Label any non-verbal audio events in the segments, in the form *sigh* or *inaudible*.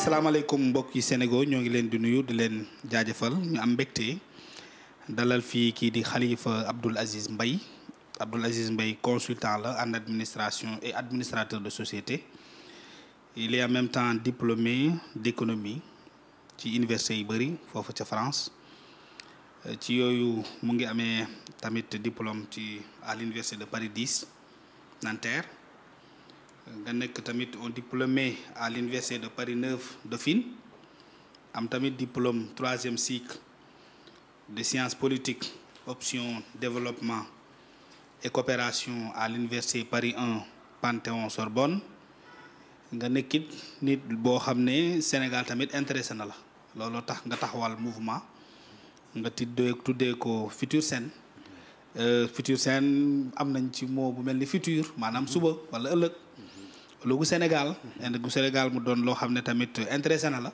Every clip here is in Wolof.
asalaamaaleykum mbokk yi Sénégal ñoo ngi leen di nuyu di leen jaajëfal ñu am mbégte dalal fii kii di Khalifa Abdoul Aziz mbay Abdoul Aziz Mbaye consultant la en administration et administrateur de société il est en même temps diplômé d'économie ci université yu bëri foofu ca France euh, ci yooyu mu ngi amee tamit diplôme ci à l'université de Paris dis Nanterre nga nekk tamit un diplômé à l'université de Paris 9 Dauphine am tamit diplôme troisième cycle de sciences politiques option développement et coopération à l'université Paris 1 Panthéon Sorbonne nga nekkit nit boo xam ne Sénégal tamit intéressé na la looloo tax nga taxawal mouvement nga tuddee tuddee ko Futur Sen euh, Futur Sen am nañ ci mot bu mel ni futur maanaam suba wala ëllëg loogu Sénégal gu Sénégal mu doon loo xam ne tamit intéressé na la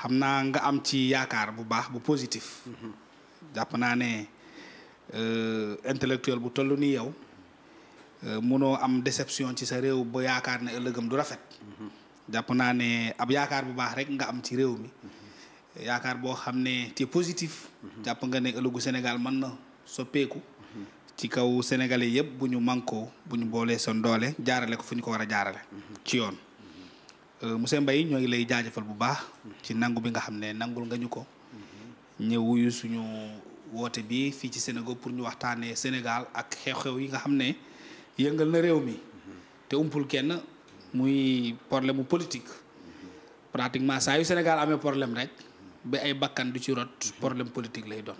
xam naa nga am ci yaakaar bu baax bu positif jàpp naa ne euh, intellectuel bu toll ni yow euh, munoo am déception ci sa réew ba yaakaar ne ëllëgam du rafet jàpp naa ne ab yaakaar bu baax rek nga am ci réew mi yaakaar boo xam ne ci positif jàpp nga ne ëllëgu Sénégal mën na soppeeku ci kaw sénégalais yëpp bu ñu mànkoo bu ñu boolee seen doole jaarale ko fu ñu ko war a jaarale. ci yoon euh, monsieur mbay ñoo ngi lay jaajëfal bu baax. ci nangu bi nga xam ne nangul nga ñu ko. ñëw wuyu suñu woote bi fii ci Sénégal pour ñu waxtaanee Sénégal ak xew-xew yi nga xam ne yëngal na réew mi. te umpul kenn muy problème mu politique. pratiquement saa yu Sénégal amee problème rek ba ay bakkan du ci rot problème politique lay doon.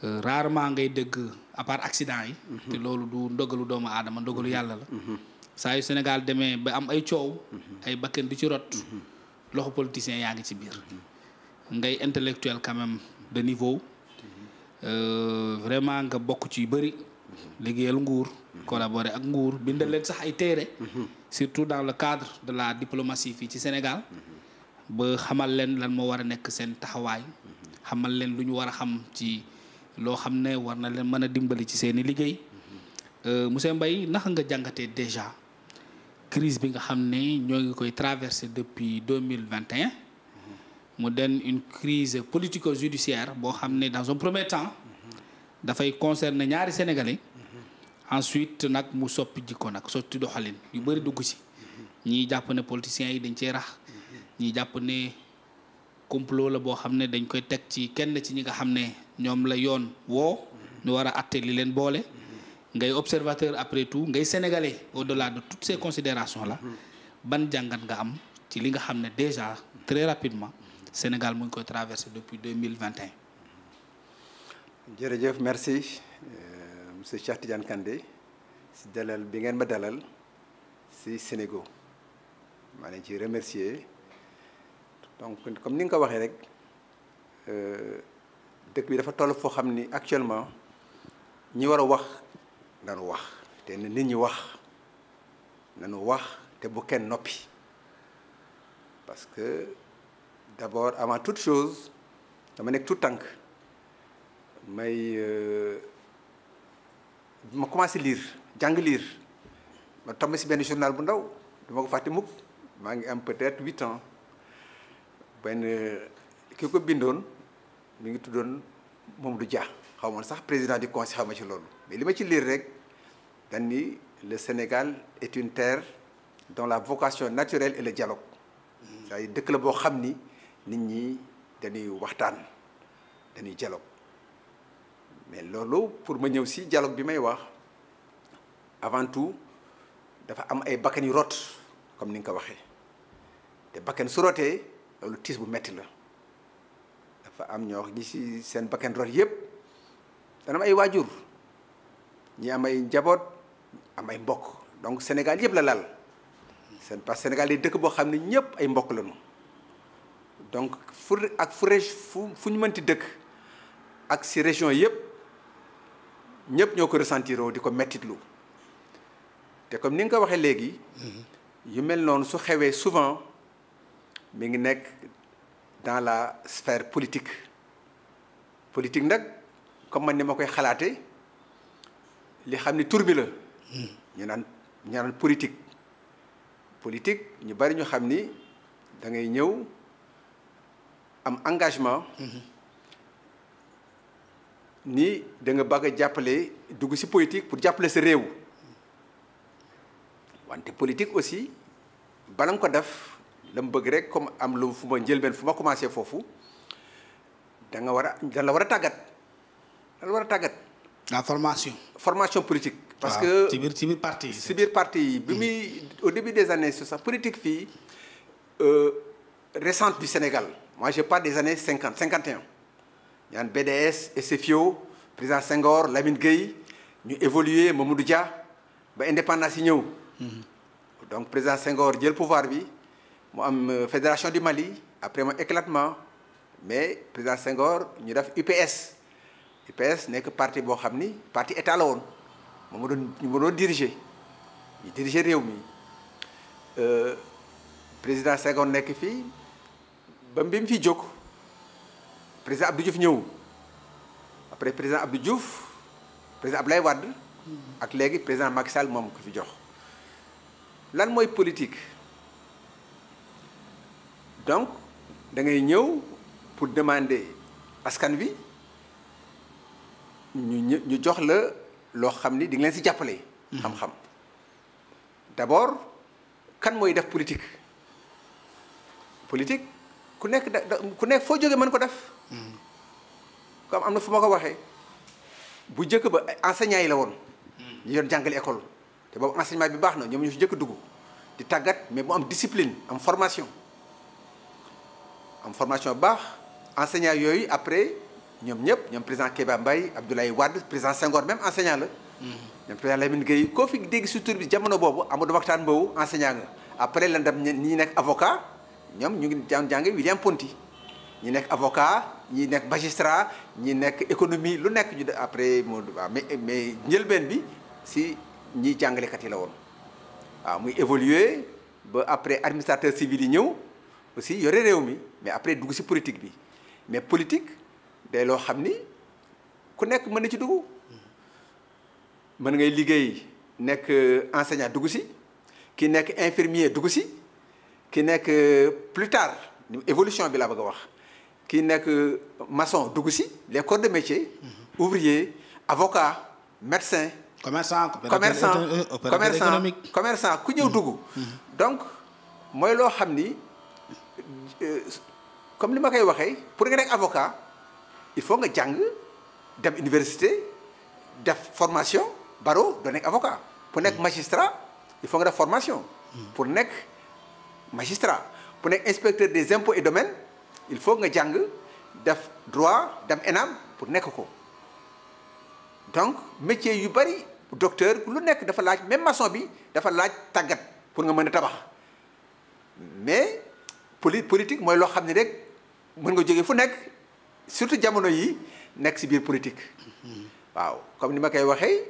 Euh, rarement ngay dëgg à part accident yi. te loolu du ndogalu doomu aadama ndogalu yàlla la. saa yu Sénégal demee ba am ay coow. ay bakkan du ci rot. loxo politicien yaa ngi ci biir. ngay intellectuel quand même de niveau. Euh, vraiment nga bokk ci yu bëri. liggéeyal nguur. collaborer ak nguur bindal leen sax ay téere. surtout dans le cadre de la diplomatie fii ci Sénégal. ba xamal leen lan moo war a nekk seen taxawaay. xamal leen lu ñu war a xam ci. loo xam ne war na leen mën a dimbali ci seen i liggéey euh, monsieur mbay naka nga jàngatee déjà crise bi nga xam ne ñoo ngi koy traversé depuis deux mille vingt et un mu den une crise politico-judiciaire boo xam ne dans un premier temps dafay concerner ñaari sénégalais ensuite nag mu soppi jikko nag sotti doxalin yu bëri dugg ci ñii jàpp ne politiciens yi dañ cee rax ñii jàpp ne complot la boo xam ne dañ koy teg ci kenn ci ñi nga xam ne ñoom la yoon woo ñu war a atte li leen boole ngay observateur après tout ngay sénégalais au-delà de toutes ces considérations la ban jàngat nga am ci li nga xam ne déjà très rapidement Sénégal mu ngi koy traversé depuis deux mille vingt et jërëjëf merci euh, monsieur Cheikh Tidiane dalal bi ngeen ma dalal si Sénégal maa leen ciy remercier donc comme ni nga ko waxee rek euh, dëkk bi dafa toll foo xam ni actuellement ñi war a wax nanu wax te nit ñi wax nanu wax te bu kenn noppi parce que d'abord avant toute chose dama nekk tout tànk may euh, ma commencé liir jàng lire ma tombé si benn journal bu ndaw duma ko fàtte mukk maa ngi am peut-être huit ans benn ki ko bindoon mi ngi tuddoon Mamadou Dia xaw ma sax président du conseil xaw ci loolu mais li ci lire rek dañ le Sénégal est une la vocation naturelle est le dialogue hmm. c'est dëkk la boo xam ni nit ñi dañuy waxtaan dañuy dialogue mais loolu pour ma ñëw si dialogue bi may wax avant tout dafa am ay bakkan yu rot comme ni nga ko waxee te bakkan su rotee loolu tiis bu metti la dafa am ñoo ñi si seen bakkan rot yëpp dana am ay waajur ñi am ay njaboot am ay mbokk donc Sénégal yëpp la laal seen parce Sénégal de dëkk boo xam ne ñëpp ay mbokk lañu donc fu ak fu fu fu ñu mënti dëkk ak si région yëpp ñëpp ñoo ko ressentiroo di ko mettitlu te comme ni nga ko waxee léegi mm-hmm. yu mel noonu su xewee souvent mi ngi nekk dans la sphère politique politique nag comme man ni ma koy xalaate li xam ni tur bi la ñu naan ñu naan politique politique ñu bari ñu xam ni da ngay ñëw am engagement ni da nga bëgg a jàppale dugg ci politique pour jàppale sa réew wante politique aussi bala nga ko def la bëgg rek comme am lu fu ma njëlbeen fu ma commencé foofu da nga war a da war a tàggat da la war a tàggat. la formation. formation politique. parce que ci biir parti yi. biir parti yi bi muy au début des années sa politique fii euh, récente du Sénégal moi je parle des années cinquante cinquante et un ñaan BDS SFIO président Senghor Lamine Gueye ñu évoluer Mamadou Dia ba indépendance yi ñëw. Mhm. donc président Senghor jël pouvoir bi. mu am euh, fédération du Mali après mu éclatement mais président Senghor ñu def UPS UPS nekk parti boo xam ni parti état la woon moom ma doon ñu ma doon diriger ñu diriger réew mi euh, président Senghor nekk fii ba bi mu fi jóg président Abdou Diouf ñëw après président Abdou Diouf président Abdoulaye Wade ak léegi président Macky Sall moom ko fi jox lan mooy politique donc da ngay ñëw pour demander askan bi ñu ñu jox la loo xam ni dinga leen si jàppale. Hmm. xam-xam d'abord kan mooy def politique politique ku nekk da ku nekk foo jógee mën ko def. Hmm. comme am na fu ma ko waxee bu njëkk ba enseignants yi la woon. Hmm. ñu doon jàngale école te boobu enseignement bi baax na ñoom ñu si njëkk dugg di tàggat mais mu am discipline am formation. am formation bu baax enseignant yooyu après ñoom ñëpp ñoom président Kéba Mbaye Abdoulaye Wade président Senghor même enseignant la. Mm-hmm. ñoom président Lamine Gueye koo fi dégg si tur bi jamono boobu Amadou Mahtar Mbow enseignant nga. après lan dem ñi nekk avocat ñoom ñu ngi jàng jàng William nekk avocat ñi nekk magistrat ñi nekk économie lu nekk ñu après moo mais mais njëlbeen bi si ñiy jàngalekat yi la woon waaw muy évoluer ba après administrateur civil yi ñëw. aussi yore réew mi mais après dugg si politique bi mais politique day loo xam ni ku nekk mën na ci dugg mën ngay liggéey nekk euh, enseignant dugg si ki nekk infirmier dugg si ki nekk euh, plus tard évolution bi laa bëgg a wax ki nekk euh, maçon dugg si les corps de métier mhm. ouvrier avocat médecin commerçant commerçant commerçant commerçant ku ñëw mhm. dugg mhm. donc mooy loo xam ni comme li ma koy waxee pour nga nekk avocat il faut nga jàng dem université def formation barreau doo nekk avocat pour nekk magistrat il faut nga def formation pour nekk magistrat pour nekk inspecteur des impôts et domaines il faut nga jàng def droit dem ENAM pour nekk ko donc métier yu bari docteur lu nekk dafa laaj même maçon bi dafa laaj tàggat pour nga mën a tabax mais poli politique mooy loo xam ni rek mën nga jóge fu nekk surtout jamono yi nekk ci biir politique. waaw comme ni ma koy waxee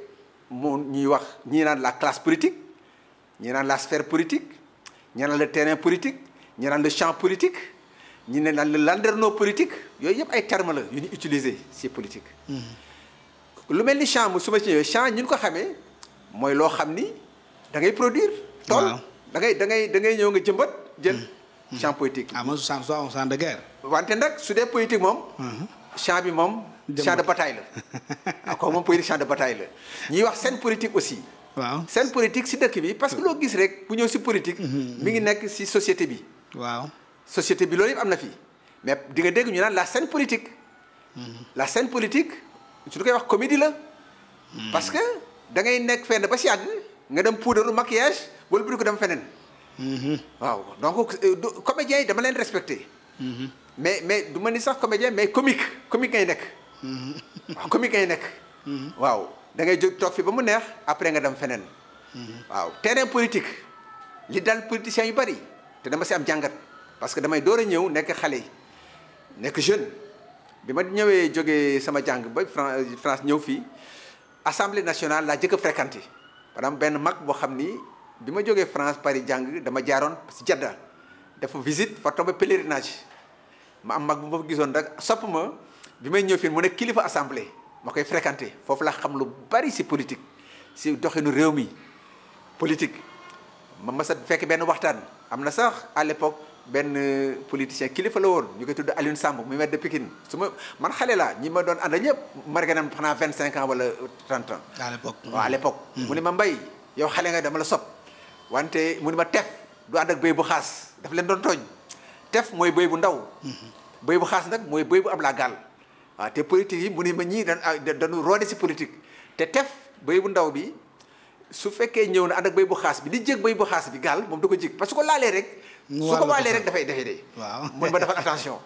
mu ñuy wax ñii naan la classe politique ñii naan la sphère politique ñii naan le terrain politique ñii naan le champ politique ñii ne naan le landerneau politique yooyu yëpp ay termes la yu ñu utiliser si politique. Mm-hmm. lu mel ni champ su ma ci ñëwee champ ñi ko xamee mooy loo xam ni da ngay produire. tool dangay ngay da ngay da ngay ñëw nga jëmbat jël. Mm. champ politique. ah man champ soit un champ de wante nag su dee politique moom. Mhm. champ bi moom. champ de bataille la. *laughs* encore moom politique champ de bataille la ñuy wax seen politique aussi. waaw seen politique si dëkk bi parce que loo gis rek bu ñëw si politique. Mhm, mhm. mi ngi nekk si société bi. waaw société bi loolu yëpp am na fi mais di nga dégg ñu naan la scène politique. la scène politique su ñu koy wax comédie la. parce que da ngay nekk fenn ba si yàgg nga dem poudre maquillage wala bu ko dem feneen. Mm-hmm. waaw donc euh, comédiens yi dama leen respecté. Mm-hmm. mais mais du ma ni sax comédien mais commique comique ngay nekk. Mm-hmm. waaw comique nekk. waaw da ngay jóg toog fi ba mu neex après nga dem feneen. waaw terrain politique li dal politiciens yu bari te dama si am jàngat parce que damay door a ñëw nekk xale nekk jeune bi ma ñëwee jógee sama jàng ba France ñëw fii assemblée nationale laa jëkk a fréquenté maanaam benn mag boo xam ni. bi ma jogee France Paris jàng dama jaaroon si Jadda dafa visite fa tombé pèlerinage ma am mag bu ma gisoon rek sopp ma bi may ñëw fii mu ne kilifa assemblée ma koy fréquenté foofu la xam lu bari si politique si doxinu réew mi politique ma mës a fekk benn waxtaan am na sax à l'époque benn euh, politicien kilifa la woon ñu koy tudd Alioune Samb mu maire de Pikine su ma man xale laa ñi ma doon ànd ñëpp marganam xanaa vingt cinq ans wala trente ans à l'époque waaw à l'époque mmh. mu ne dama la sopp wante mu ni ma tef du ànd ak bu xaas daf leen doon tooñ tef mooy béy bu ndaw béy bu xaas nag mooy béy bu am gaal waaw ah, te politique yi mu ni ma ñii dan ah, dañu roone si politique te tef béy bu ndaw bi su fekkee ñëw na ànd ak bu xaas bi di jég béy bu xaas bi gaal moom du ko jig parce que ko laalee rek su ko waalee rek dafay defee dee waaw mun ma defal attention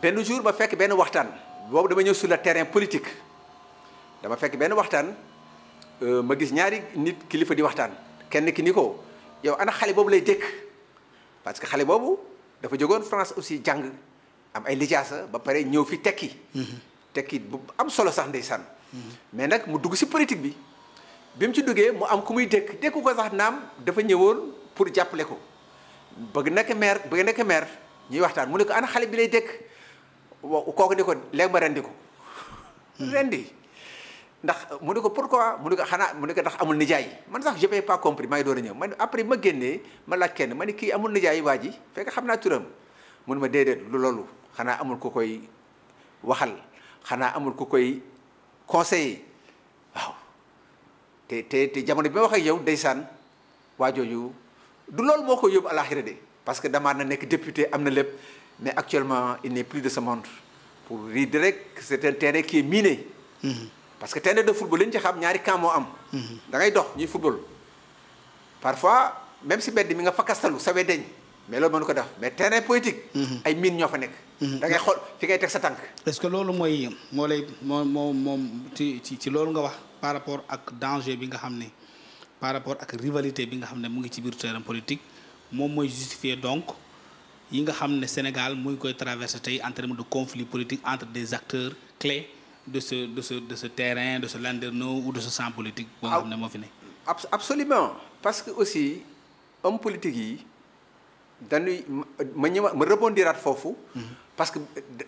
benn jour ma fekk benn waxtaan boobu dama ñëw sur le terrain politique dama fekk benn waxtaan euh, ma gis ñaari nit kilifa di waxtaan kenn ki ni ko yow ana xale boobu lay dékk parce que xale boobu dafa jógoon France aussi jàng am ay lijaasa ba pare ñëw fi tekki. Mhm. tekki bu am solo sax ndeysaan. Mhm. mais nag mu dugg si politique bi bi mu ci duggee mu am ku muy dékk dékku ko sax naam dafa ñëwoon pour jàppale ko bëgg nekk maire bëgg nekk maire ñuy waxtaan mu ne ko ana xale bi lay dékk wa kooku ni ko léegi ma rendi ko mhm. rendi ndax mu ne ko pourquoi mu ne ko xanaa mu ne ko ndax amul nijaay man sax je n'ai pas compris maa ngi door a ñëw man après ma génnee ma laaj kenn ma ne kii amul nijaay waa ji fekk xam naa turam mun ma déedéet lu loolu xanaa amul ku koy waxal xanaa amul ku koy conseiller waaw te te te jamono bi ma wax yow ndeysaan waa jooju du loolu moo ko yóbbu àlaxira de parce que damaa na nekk député am na lépp mais actuellement il n'est plus de ce monde pour dire rek c'est un terrain qui est parce que terrain de football li ñu ci xam ñaari camp moo am. da ngay dox ñuy football. parfois même si mbedd mi nga fakkastalu sa wee deñ mais loolu mënu ko def mais terrain politique. Mhm. ay miin ñoo fa nekk. Mhm. da ngay xool fi ngay teg sa tànk. parce que loolu mooy moo lay moo moo moom ci ci loolu nga wax par rapport ak danger bi nga xam ne par rapport ak rivalité bi nga xam ne mu ngi ci biir terrain politique moom mooy justifier donc. yi nga xam ne Sénégal mu ngi koy traversé tey en de conflit politique entre des acteurs clés de ce de ce de ce terrain de ce landerneau ou de ce champ politique. boo ah, xam ne moo fi ne. absolument parce que aussi homme politique yi dañuy ma ñëwaat ma rebondiraat foofu. Mm-hmm. parce que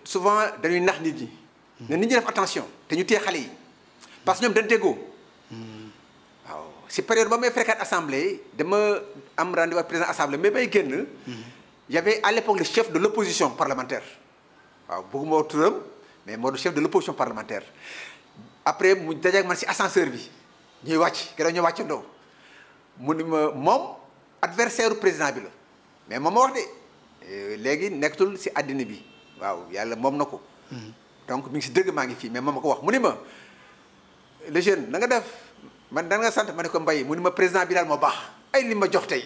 souvent dañuy nax nit ñi. Mm-hmm. ne nit ñi def attention te ñu téye xale yi parce que ñoom dañ déggoo. Mm-hmm. waaw si période ba may fréquente assemblée dama am rendez-vous président assemblée mais may génn. y à l'époque le chef de l'opposition parlementaire waaw bëgguma turam. mais moo du chef de l'opposition parlementaire après mu dajeeg man ci ascenseur bi ñuy wàcc keroog ñu wàccandoo mu ni ma moom adversaire président bi la mais moom ma wax de euh, léegi nekkatul si àddina bi waaw yàlla moom na ko. Mhm. donc mi ngi si dëgg maa ngi fii mais moom ma ko wax mu ni ma le jeune na nga def man da nga sant ma ne ko mbay mu ni ma président bi daal moo baax ay li ma jox tey.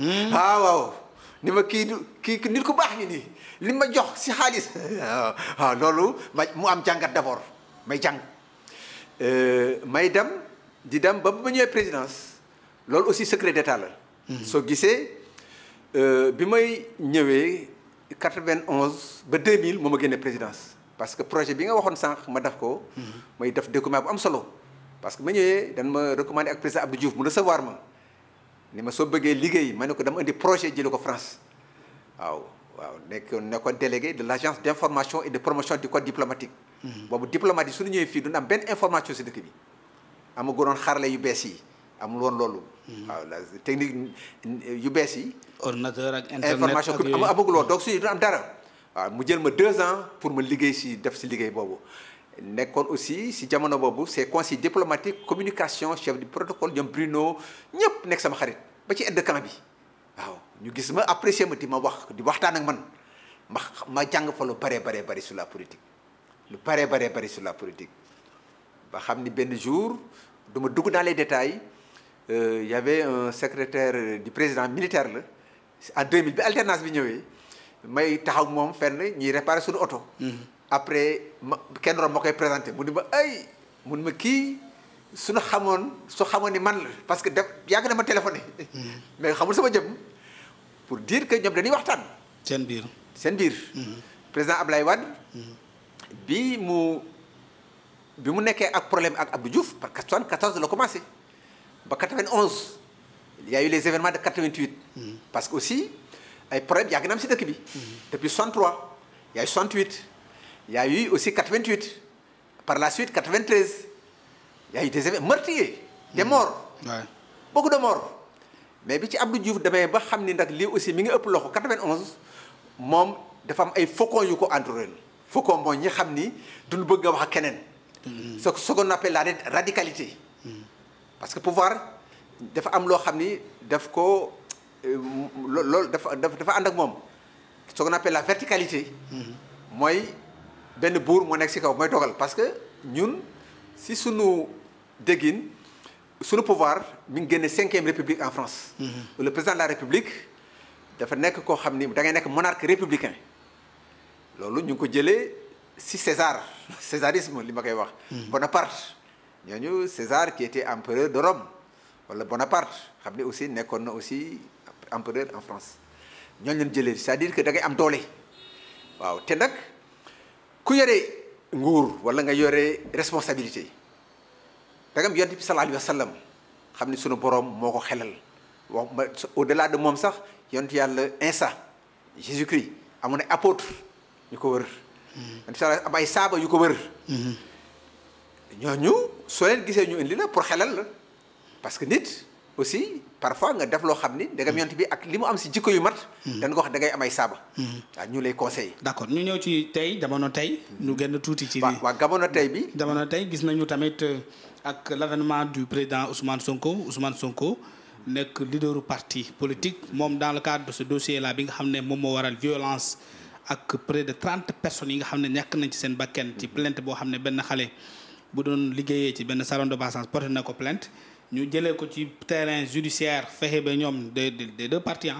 Mhm. *laughs* Ah, waaw waaw. ni ma kii du ki nit ku baax ngi nii li ma jox si xaalis *laughs* waaw loolu ma mu am jàngat d'abord may jàng euh, may dem di dem ba bu ma ñëwee présidence loolu aussi secret d'état la mhm. soo gisee euh, bi may ñëwee quatre-vingt-onze ba deux mille moo ma génne présidence parce que projet bi nga waxoon sànq ma def ko mhm. may def document bu am solo parce que ma ñëwee dañ ma recommandé ak président Abdou Diouf mu recevoir ma ni ma soo bëggee liggéey ma ne ko dama indi projet jële ko France waaw waaw nekk ne ko délégué de l' agence d' information et de promotion du code diplomatique mhm. boobu diplomate yi su ñu ñëwee fii duñu am benn information si dëkk bi xarale yu bees yi amul woon loolu mhm. waaw la technique yu bees yi ordinateur ak internet information amagul woon donc suñu duñu am dara waaw mu jël ma deux ans pour ma liggéey si def si liggéey boobu nekkoon aussi si jamono boobu c'est conseil diplomatique communication chef du protocole ñoom Bruno ñëpp nekk sama xarit ba ci aide camp bi waaw ñu gis ma apprécier ma di ma wax di waxtaan ak man ma ma jàng fa lu bare bari sur la politique lu bare bare bari sur la politique ba xam ni benn jour duma dugg dans les détails il euh, y avait un secrétaire du président militaire la en 2000 bi alternance bi ñëwee may taxaw moom fenn ñuy réparer suñu oto mm-hmm. après ma kenn doon ma koy présenté mu ni ma ay mun ma kii su nu xamoon su xamoon ni man la parce que def yàgg na ma téléphoné. Hmm. mais xamul sama jëm pour dire que ñoom dañuy waxtaan. seen biir seen biir. Hmm. président Ablaye Wade. Hmm. bi mu bi mu nekkee ak problème ak ab Abdou Diouf parce que 74 la commencé ba 91. il y a eu les événements de 88. parce que aussi ay problème yàgg na am si dëkk bi. a eu 68. Il y a eu aussi Par la suite, 93. Il y a eu des meurtriers, des hmm. morts. de morts. Mais bi ci Abdou Diouf demee ba xam ni nag lii aussi mi ngi ëpp loxo 91 moom dafa am ay faucons yu ko entouré faucon mooy ñi xam ni duñu bëgg a wax ak keneen. soo hmm. que ce qu'on appelle la radicalité. Hmm. parce que pouvoir dafa am loo xam ni daf ko euh, loolu dafa dafa ànd ak moom ce qu'on appelle la verticalité. mooy. benn buur moo nekk ci kaw mooy dogal parce que ñun si sunu déggin sunu pouvoir mi ngi génne cinquième république en France. Mhm. le président de la république dafa nekk koo xam ni da ngay nekk monarque républicain loolu ñu ngi ko jëlee si César *laughs* césarisme li ma koy wax. Mhm. Bonaparte ñooñu César qui était empereur de Rome wala Bonaparte xam ne aussi nekkoon na aussi empereur en France ñooñu leen jëlee cest à que da ngay am doole waaw te nag. ku yore nguur wala nga yore responsabilité dagam yonent bi sallallahu alayhi wa sallam xam ni sunu boroom moo ko xelal wax ma au delà de moom sax yonent yàlla instant Jésus Christ amoon ay apôtre ñu ko wër yonent sa am ay saaba yu ko wër mhm. ñu soo leen gisee ñu indi pour xelal la que nit aussi parfois nga def loo xam ni ndegam mm. yonent bi ak li mu am si jikko yu mat. Mm. dañ ko wax da ngay amay saaba. Mm. waaw ñu lay conseillé. d' accord ñu ñëw ci tey jamono tey. ñu gën tuuti ci. waaw waaw jamono tey bi. jamono tey gis nañu tamit euh, ak l' avènement du président Ousmane Sonko Ousmane Sonko nekk leaderu parti politique moom dans le cadre de ce dossier là bi nga xam ne moom moo waral violence ak près de trente personnes yi nga xam ne ñàkk nañ ci seen bakken ci plainte boo xam ne benn xale bu doon liggéeyee ci benn salon de massage porté na ko plainte. ñu jëlee ko ci terrain judiciaire fexe ba ñoom des de deux parties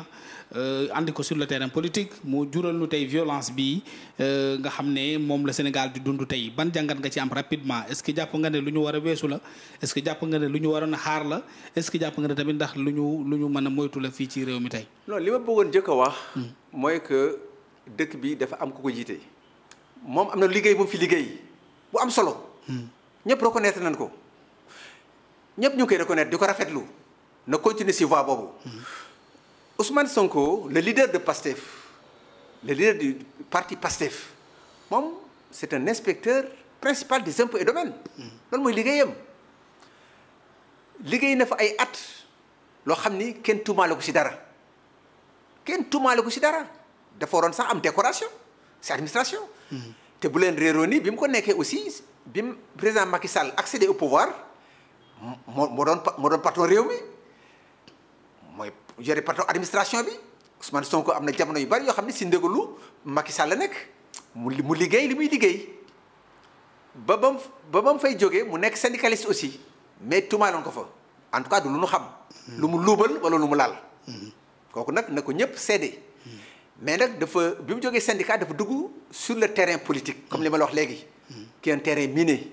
euh, andi ko si le terrain politique mu jural nu tey violence bi euh, nga xam ne moom la Sénégal di dund tey ban jàngat nga ci am rapidement est-ce que jàpp nga ne lu ñu war a weesu la est-ce que jàpp nga ne lu ñu waroon a xaar la est-ce que jàpp nga ne tamit ndax lu ñu lu ñu mën a moytu la fii ci réew mi tey. loolu li ma bëggoon jëkk a wax. Hmm. mooy que dëkk bi dafa am ku ko jiite. moom am na liggéey bu fi liggéey bu solo. Hmm. ñëpp reconnaître nañ ko. ñëpp ñu koy reconnaître di ko rafetlu na continuer si voie boobu Ousmane Sonko le leader de PASTEF le leader du parti PASTEF moom c'est un inspecteur principal des impôts et domaines loolu mooy liggéeyam liggéey na fa ay at loo xam ni kenn tuumaale ko si dara kenn tuumaale ku si dara dafa waroon sax am décoration si administration mm-hmm. te bu leen réeroo ni bi mu ko nekkee aussi bi président Macky Sall accédé au pouvoir moo moo doon moo doon patron réew mi mooy yore patron administration bi Ousmane Sonko am na jamono yu bari yoo xam ne si ndégalu Macky Sall la nekk mu li mu liggéey li muy liggéey ba bam ba bam fay jógee mu nekk syndicaliste aussi mais tuumaaloon ko fa en tout du lu nu xam lu mu luubal wala lu mu laal kooku nag na ko ñëpp seede mais nag dafa bi mu jógee syndicat dafa dugg sur le terrain politique comme li ma la wax léegi qui est un terrain miné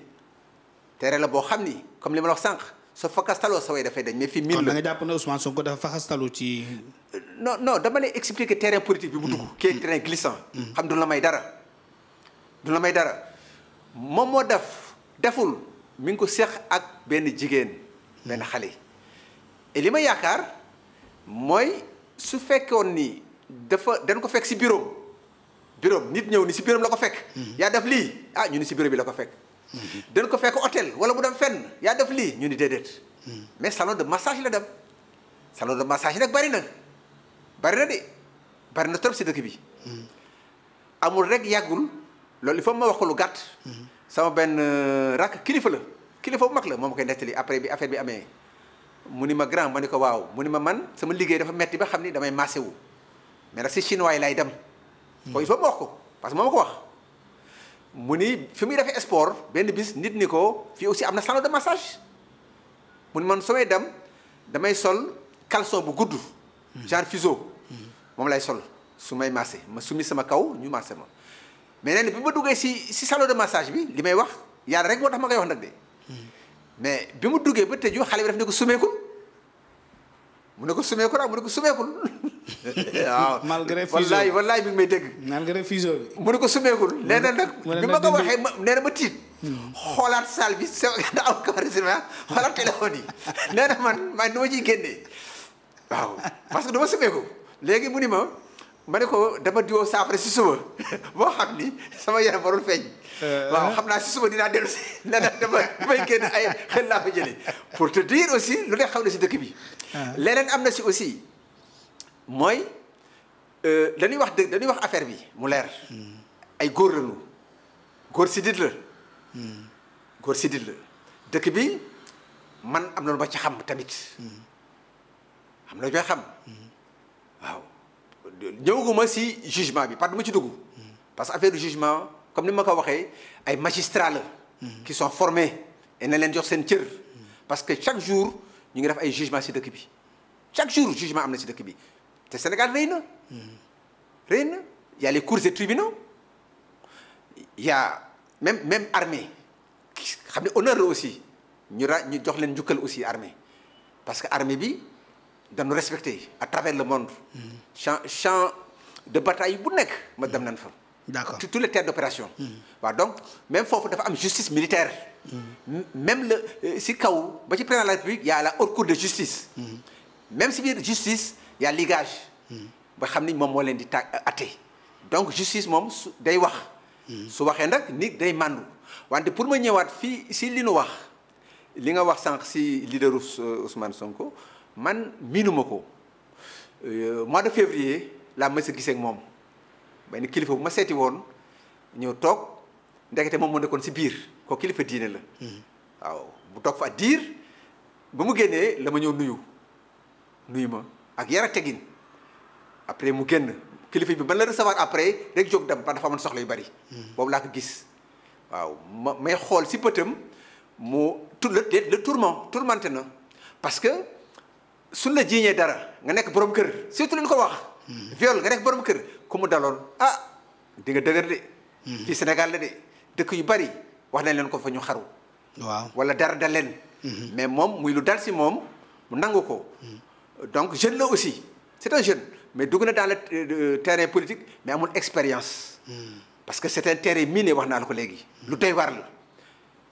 teree la boo xam ni comme li ma la wax sànq sa fakastaloo sa way dafay dañ mais fii mil la kon da nga jàpp ne Ousmane Sonko dafa fakastaloo ci. Euh, non non dama lay expliquer terrain politique bi mu dugg. Mm. qui est terrain glissant. Mm. Mm. xam du la may dara du la may dara moom moo def deful mi ngi ko seq ak benn jigéen benn xale. et li ma yaakaar mooy su fekkoon nii dafa dañ ko fekk si bureau bureau nit ñëw ni si bureau la ko fekk. yaa def lii ah ñu ni si bureau bi la ko fekk. dañ ko fekk hôtel wala bu dem fenn yaa def lii ñu ni déedéet. mais salon de massage la dem salon de massage nag bari na bari na de bari na trop si dëkk bi. amul rek yàggul loolu il faut ma wax ko lu gàtt. sama benn euh, rakk kilifa la kilifa bu mag la moom koy nettali après bi affaire bi amee mu ni ma grand ma ni ko waaw mu ni ma man sama liggéey dafa metti ba xam ni damay massé wu mais nag si chinois yi laay dem. kon il faut ma wax ko parce que moo ko wax. mu ni fi muy defee sport benn bis nit ni ko fii aussi am na salon de massage mu ni man su may dem damay sol caleçon bu gudd. genre fuseau. moom lay sol su may massé ma sumi sama kaw ñu massé ma mais nee ne bi ma duggee si si salon de massage bi li may wax yàlla rek moo tax ma koy wax nag de. mais bi mu duggee ba tëju xale bi daf ne ko sumeekul mu ne ko sumeekul ah mu ne ko sumeekul. *laughs* waaw malgré fuseau wallaay wallaay mi may dégg. malgré fuseau bi. mu ne ko sumeekul nee na nag bi ma ko ma nee na ma tiit. Hmm. xoolaat salle bi sa aw kawari sima xoolaat téléphone yi *laughs* nee na man man nu ma ciy génnee waaw parce que dama sumeeku léegi mu ni ma ma ne ko dama diwoo saafara si suba *laughs* boo xam ni sama yaram warul feeñ. Euh. waaw xam naa si suba dinaa dellu si *laughs* nee na dama may génn ay xel laa fa pour te dire aussi lu ne xaw na si dëkk bi. Ah. leneen am na si aussi. mooy euh, dañuy wax dëgg dañuy wax affaire bi mu leer. ay góor lañu góor sidit la. góor sidit la dëkk bi man am na lu ma ci xam tamit. am na lu ma xam. waaw ñëwaguma si jugement bi parce du ma ci dugg. parce que affaire jugement comme ni ma ko waxee ay magistrats la. qui sont formés et na leen jox seen cër. parce que chaque jour ñu ngi def ay jugement si dëkk bi chaque jour jugement am na si dëkk bi. te Sénégal rëy na. na y a les cours et tribunaux y a même même armée xam ne honneur la aussi ñu ra ñu jox leen njukkal aussi armée parce que armée bi dañu respecté à travers le monde. champ champ de bataille bu nekk ma dem nañ fa. d'accord tous les terres d'opération. Mm-hmm. waa donc même foofu dafa am justice militaire. Mm-hmm. même le euh, si kaw ba ci président de la République y la haute cour de justice. Mm-hmm. même si biir justice. y a ligage ba xam ni moom moo leen di ta atte donc justice moom su day wax su waxee nag nit day màndu wante pour ma ñëwaat fii si li nu wax li nga wax sànq si leaderu euh, Ousmane Sonko man miinuma ko euh, mois de février laa mës a gisee moom benn kilifa bu ma seeti woon ñëw toog ndekete moom moo nekkoon si biir ko kilifa diine la hmm. waaw bu toog fa diir ba mu génnee la ma ñëw nuyu nuyu ma ak yar ak après mu génn kilifa bi ban la recevoir après rek jóg dem ba dafa amoon soxla yu bari. Hmm. boobu laa ko gis waaw ma may xool si bëtam mu tu le le tourment tourmenté na parce que suñ la jiiñee dara nga nekk boroom kër surtout lu ñu ko wax. Hmm. viol nga nekk borom kër ku mu daloon ah dinga dëgër de. Hmm. fii Sénégal la de dëkk yu bari wax nañ leen ko fa ñu xaru. waaw wala dara dal leen. mais moom muy lu dal si moom mu nangu ko. donc jeune la aussi c'est un jeune mais dugg na daal le euh, terrain politique mais amul expérience. Hmm. parce que c'est un terrain miné wax naa la ko léegi. lu doy waar la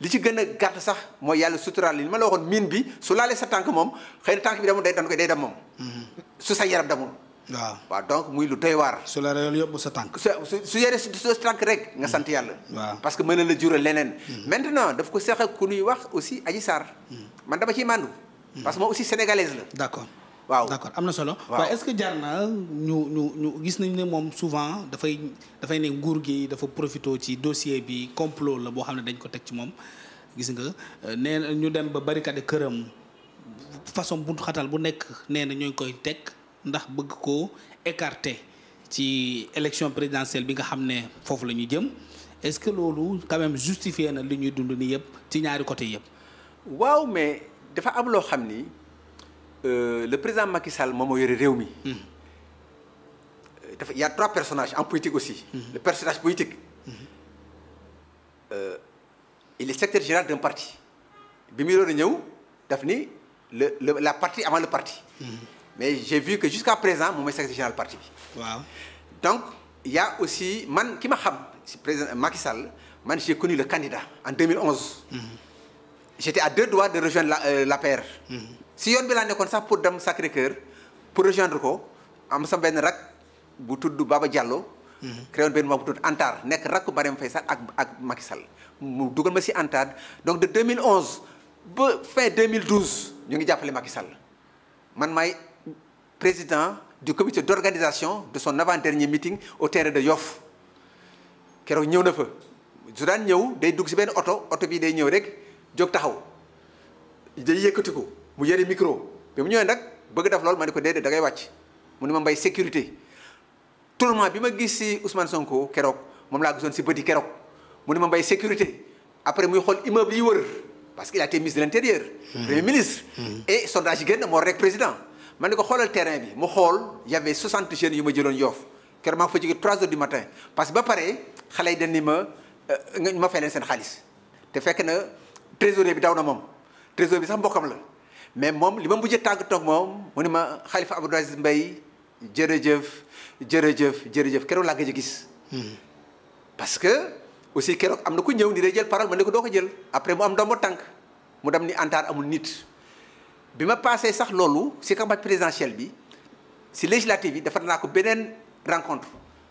li ci gën a gàtt sax mooy yàlla suturaal li ma la waxoon mine bi su laalee sa tànk moom xëy na tànk bi demul day dan day dem moom. Hmm. su sa yaram demul. waaw waaw donc muy lu doy waar. su la reyoon yóbbu sa tànk. su su yore su sa tànk rek nga hmm. sant yàlla. waaw parce que mën na la jural leneen. maintenant daf ko seq ku nuy wax aussi Adji saar man dama ciy màndu. parce que moom aussi sénégalaise la. d'accord. waaw d'accord am na solo. waaw est-ce que jar na ñu ñu ñu gis nañ ne moom souvent dafay dafay ne nguur gi dafa profité ci dossier bi complot la boo xam ne dañ ko teg ci moom gis nga euh, nee na ñu dem ba barricade këram façon bu bu nekk nee na ñooy koy teg ndax bëgg ko écarter ci élection présidentielle bi nga xam ne foofu la ñu jëm est-ce que loolu quand même justifié na li ñuy dund nii yëpp ci ñaari côté yëpp. waaw mais dafa ab loo xam ni. Euh, le président Macky Sall moom moo yore réew mi. Hmm. dafa y' a trois personnages en politique aussi. Hmm. le personnage politique. Hmm. Euh, il est secrétaire général d'un parti bi muy doon ñëw daf ni le le la partie avant le parti. mais j'ai vu que jusqu'à présent moom mooy secrétaire général parti donc y' a aussi man ki ma xam si président Sall man j'ai connu le candidat en 2011. j'étais à deux doigts de rejoindre la euh, l'APR. si yoon bi laa nekkoon sax pour dem Sacré-Cœur pour de ko am sa benn rak bu tudd Baba Diallo. Mhm. créé benn moom bu tudd Antar nekk rakku Marième Faye Sall ak ak Macky Sall mu dugal ma si Antar donc de 2011 ba fin 2012 ñu ngi jàppale Macky Sall man may président du comité d' organisation de son avant dernier meeting au terrain de keroog ñëw na fa su ñëw day dugg si benn oto oto bi day ñëw rek jóg taxaw day yëkkati ko mu jëlee micro bi mu ñëwee nag bëgg def loolu ma ne ko déedéet da ngay wàcc mu ne ma mbay sécurité tourment bi ma gis si Ousmane Sonko keroog moom laa gisoon si bëti keroog mu ne ma mbay sécurité après muy xool ma bi yi wër parce qu'il a été ministre de l'intérieur hmm. premier ministre hmm. et sondage yi génn moo rek président ma ne ko xoolal terrain bi mu xool y avait 60 jeunes yu ma jëloon yoof keroog maa ngi fa jóge 3 heures du matin parce que ba pare xale yi ni ma euh, ma fay seen xaalis te fekk na trésorier bi daw na moom trésorier bi sax mbokkam la mais moom li ma mujjee tàgg toog moom mu ne ma Khalifa Abdou Aziz Mbaye jërëjëf jërëjëf jërëjëf keroog laa gëj gis. Hmm. parce que aussi keroog am na ku ñëw ni day jël parole ma ne ko doo ko jël après mu am ndombo tànk mu dem ni antaar amul nit. bi ma paasee sax loolu si campagne présidentielle bi si législative yi defar naa ko beneen rencontre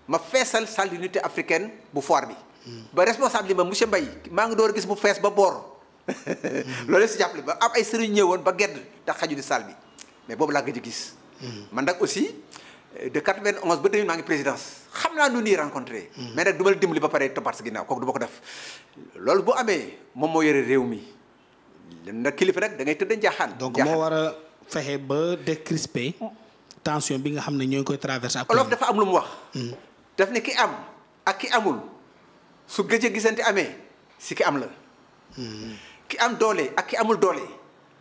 ma feesal salle d'unité africaine bu foire bi. Hmm. ba responsable li ma monsieur mbay maa ngi door gis bu fees ba boor. *laughs* loolu si jàppale ba am ay sëriñ ñëwoon ba gedd tax xaju di salle bi mais boobu laa gëj a gis. Mhm. man nag aussi euh, de 91 ba 2000 maa ngi présidence xam naa nu ñuy rencontré. Mhm. mais nag du ma la dimbali ba pare toppaat si ginnaaw kooku du ko def. loolu bu amee moom moo yore réew mi nag kilifa nag da ngay tëdd njaaxaan. donc moo war a fexe ba de décrisper tension bi nga xam ne ñoo ngi koy traversé. ak olof dafa am lu mu wax. Mhm. daf ne ki am ak ki amul su gëj a amee si am la. ki am doole ak ki amul doole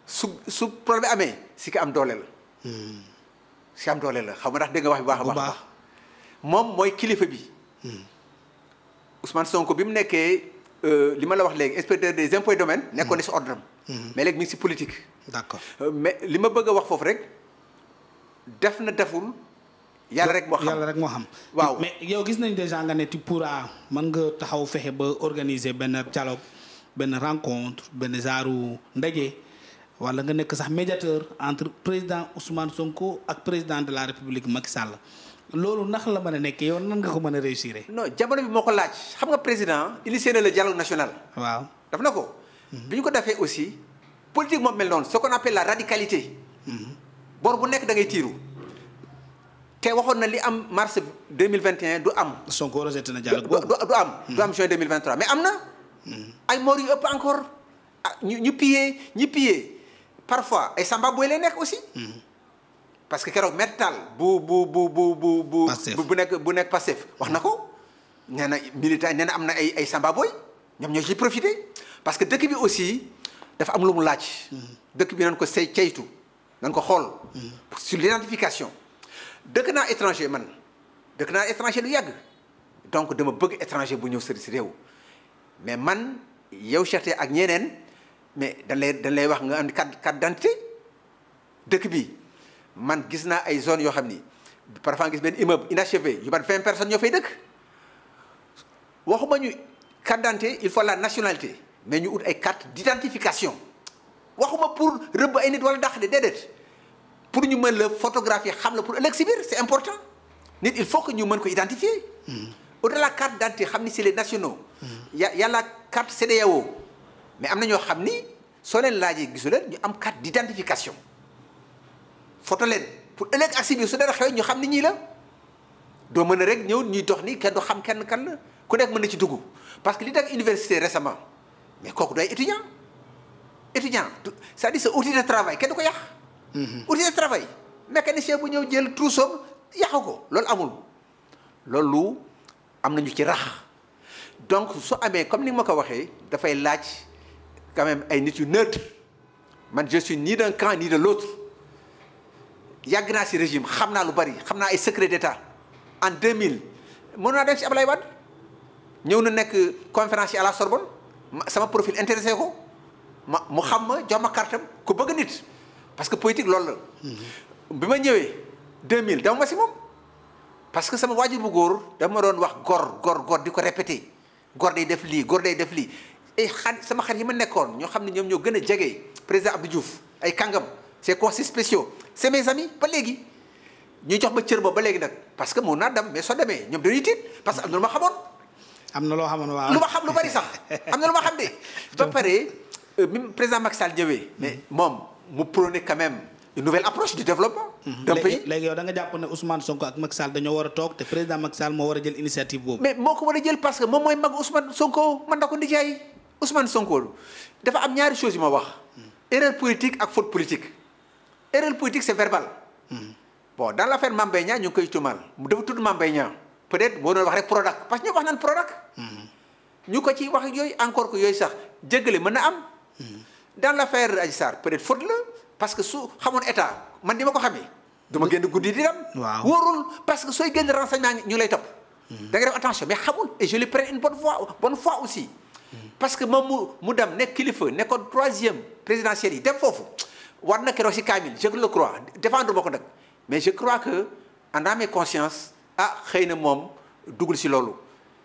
su su problème amee si ki am doole la. Hmm. si am doole la xaw nga ndax dégg nga wax bu baax a baax. moom mooy kilifa bi. Hmm. Ousmane Sonko bi mu nekkee euh, li ma la wax léegi inspecteur des impôts et domaines. Hmm. nekkoon na si ordre mais léegi mi ngi si politique. Euh, mais li ma bëgg a wax foofu rek def na deful. yàlla rek moo xam yàlla rek moo xam. waaw mais yow gis nañ déjà nga ne tu pourras mën nga taxaw fexe ba organiser benn dialogue. benn rencontre benn genre ndaje wala nga nekk sax médiateur entre président Ousmane Sonko ak président de la République Macky la loolu ndax la mën a nekkee yow nan nga ko mën a réussir. no jamono bi moo ko laaj xam nga président initié na le dialogue national. waaw daf na ko. Mhm. bi ñu ko defee aussi politique moom mel noonu ce qu'on appelle la radicalité. Mhm. bor bu nekk da ngay tiiru. te waxoon na li am mars deux mille vingt et un du am. Sonko rejeté na dialogue boobu du am. du am mhm. juin deux mille vingt mais am na. Mm-hmm. ay mort yu ëpp encore ah ñu ñu pillé ñu pillé parfois ay samba lay nekk aussi. Mm-hmm. parce que keroog métal bu bu bu bu bu bu. bu nekk bu nekk Pastef wax na ko. Mm-hmm. nee na militant nee na am na ay ay samba ñoom ñoo ciy profité parce que dëkk bi aussi dafa am lu mu laaj. dëkk bi nan ko say ceytu nan ko xool. sur l'identification dëkk naa étranger man dëkk naa étranger lu yàgg donc dama bëgg étranger bu ñëw sëri si réew. mais man yow cherté ak ñeneen mais dañ lay dañ lay wax nga am carte carte d'identité dëkk bi man gis naa ay zone yoo xam ni parfois gis benn immeuble inachevé yu ban ñoo fay dëkk waxuma ñu carte d'identité il faut la nationalité mais ñu ut ay carte d'identification waxuma pour rëbb ay nit wala dàq de déedéet pour ñu mën la photographier xam la pour ëllëg si biir c'est important nit il faut que ñu mën ko identifier hmm. au-delà carte d'identité xam ni si les nationaux ya yàlla carte CEDEAO mais am na ñoo xam ni soo leen laajee gisu leen ñu am carte d'identification photo leen pour ëllëg ak si biir su dara xew ñu xam ni ñii la doo mën a rek ñëw ñuy dox ni kenn du xam kenn kan ku nekk mën na ci dugg parce que li tax université récemment mais kooku doy étudiant étudiant c'est-à-dire sa outil de kenn ko yàq. Mhm. outil de travail mécanicien bu ñëw jël trousseau yàqu ko loolu amul loolu am nañu ci rax. donc su amee comme ni ma ko waxee dafay laaj quand ay nit yu neutre man je nii ni d'un camp ni de l'autre yàgg naa si régime xam naa lu bari xam naa ay secret d'état en 2000 mën naa dem ci Ablaye Wade ñëw na nekk conférencier à la Sorbonne sama profil intéressé ko ma mu xam ma jox ma kartam ku bëgg nit parce que politique loolu la. Mhm. bi ma ñëwee deux mille dama ma si moom. parce que sama waajur bu góor dama doon wax gor gor gor di ko répété góor day def lii góor day def lii et eh, xaar sama xar yi ma nekkoon ñoo xam ne ñoom ñoo gën a jege président Abdou Diouf ay kangam c'est conseils spéciaux c'est mes amis ba léegi ñuy jox ma cër ba ba léegi nag parce que moom naa dem mais soo demee ñoom dañuy tiit parce que am na lu ma xamoon. am na loo xamoon waaw lu ma xam lu bari sax am na lu ma xam de. *laughs* ba pare euh, même président Macky Sall ñëwee. mais moom mu prôné quand une nouvelle approche du développement. d'un jàpp ne Ousmane Sonko ak Macky Sall dañoo war a toog te président Macky Sall moo war a jël initiative boobu. mais moo ko war a jël parce que moom mooy mag Ousmane Sonko man da ko nijaay Ousmane Sonko dafa am ñaari choses yu ma wax. erreur politique ak faute politique erreur politique c'est verbal. bon dans l'affaire Mame Mbaye Niang ñu koy tuumaal mu dafa tudd Mame Mbaye Niang peut-être moo doon wax rek Prodac parce que ñoom wax naan Prodac. ñu ko ci wax yooyu encore yooyu sax jéggale mën na am. dans l'affaire Adji Sarr peut-être faute la. parce que su xamoon état man ni ma ko xamee. duma génn guddi di dem. waaw wóorul parce que sooy génn renseignement ñu lay topp. da nga attention mais xamul et je lui prête une bonne fois bonne fois aussi. parce que moom mu mu dem nekk kilifa nekkoon troisième présidentielle yi dem foofu war na keroog si Kamil je le crois défendre ma ko nag mais je crois que en âme et conscience ah xëy na moom dugul si loolu.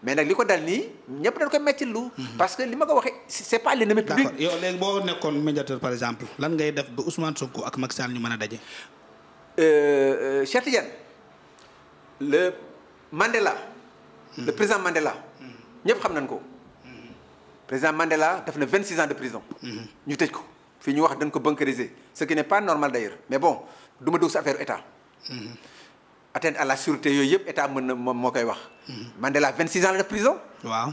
mais nag li ko dal nii ñëpp dañ koy metti lu mhm. parce que li ma ko waxee c'est pas l'ennemi public. d'accord yow léegi boo nekkoon médiateur par exemple lan ngay def ba Ousmane Sonko ak Macky Sall ñu mën a daje. Euh, euh, Cheikh Tidiane le Mandela. Mhm. le président Mandela. Mhm. ñëpp xam nañ ko. président Mandela def na 26 ans de prison. ñu tëj ko fii ñu wax dañ ko bunkériser ce qui n'est pas normal d'ailleurs mais bon du ma dugg sa état. atteinte à la sûreté yooyu yëpp état mën na moom moo koy wax. Mandela 26 ans la def prison. waaw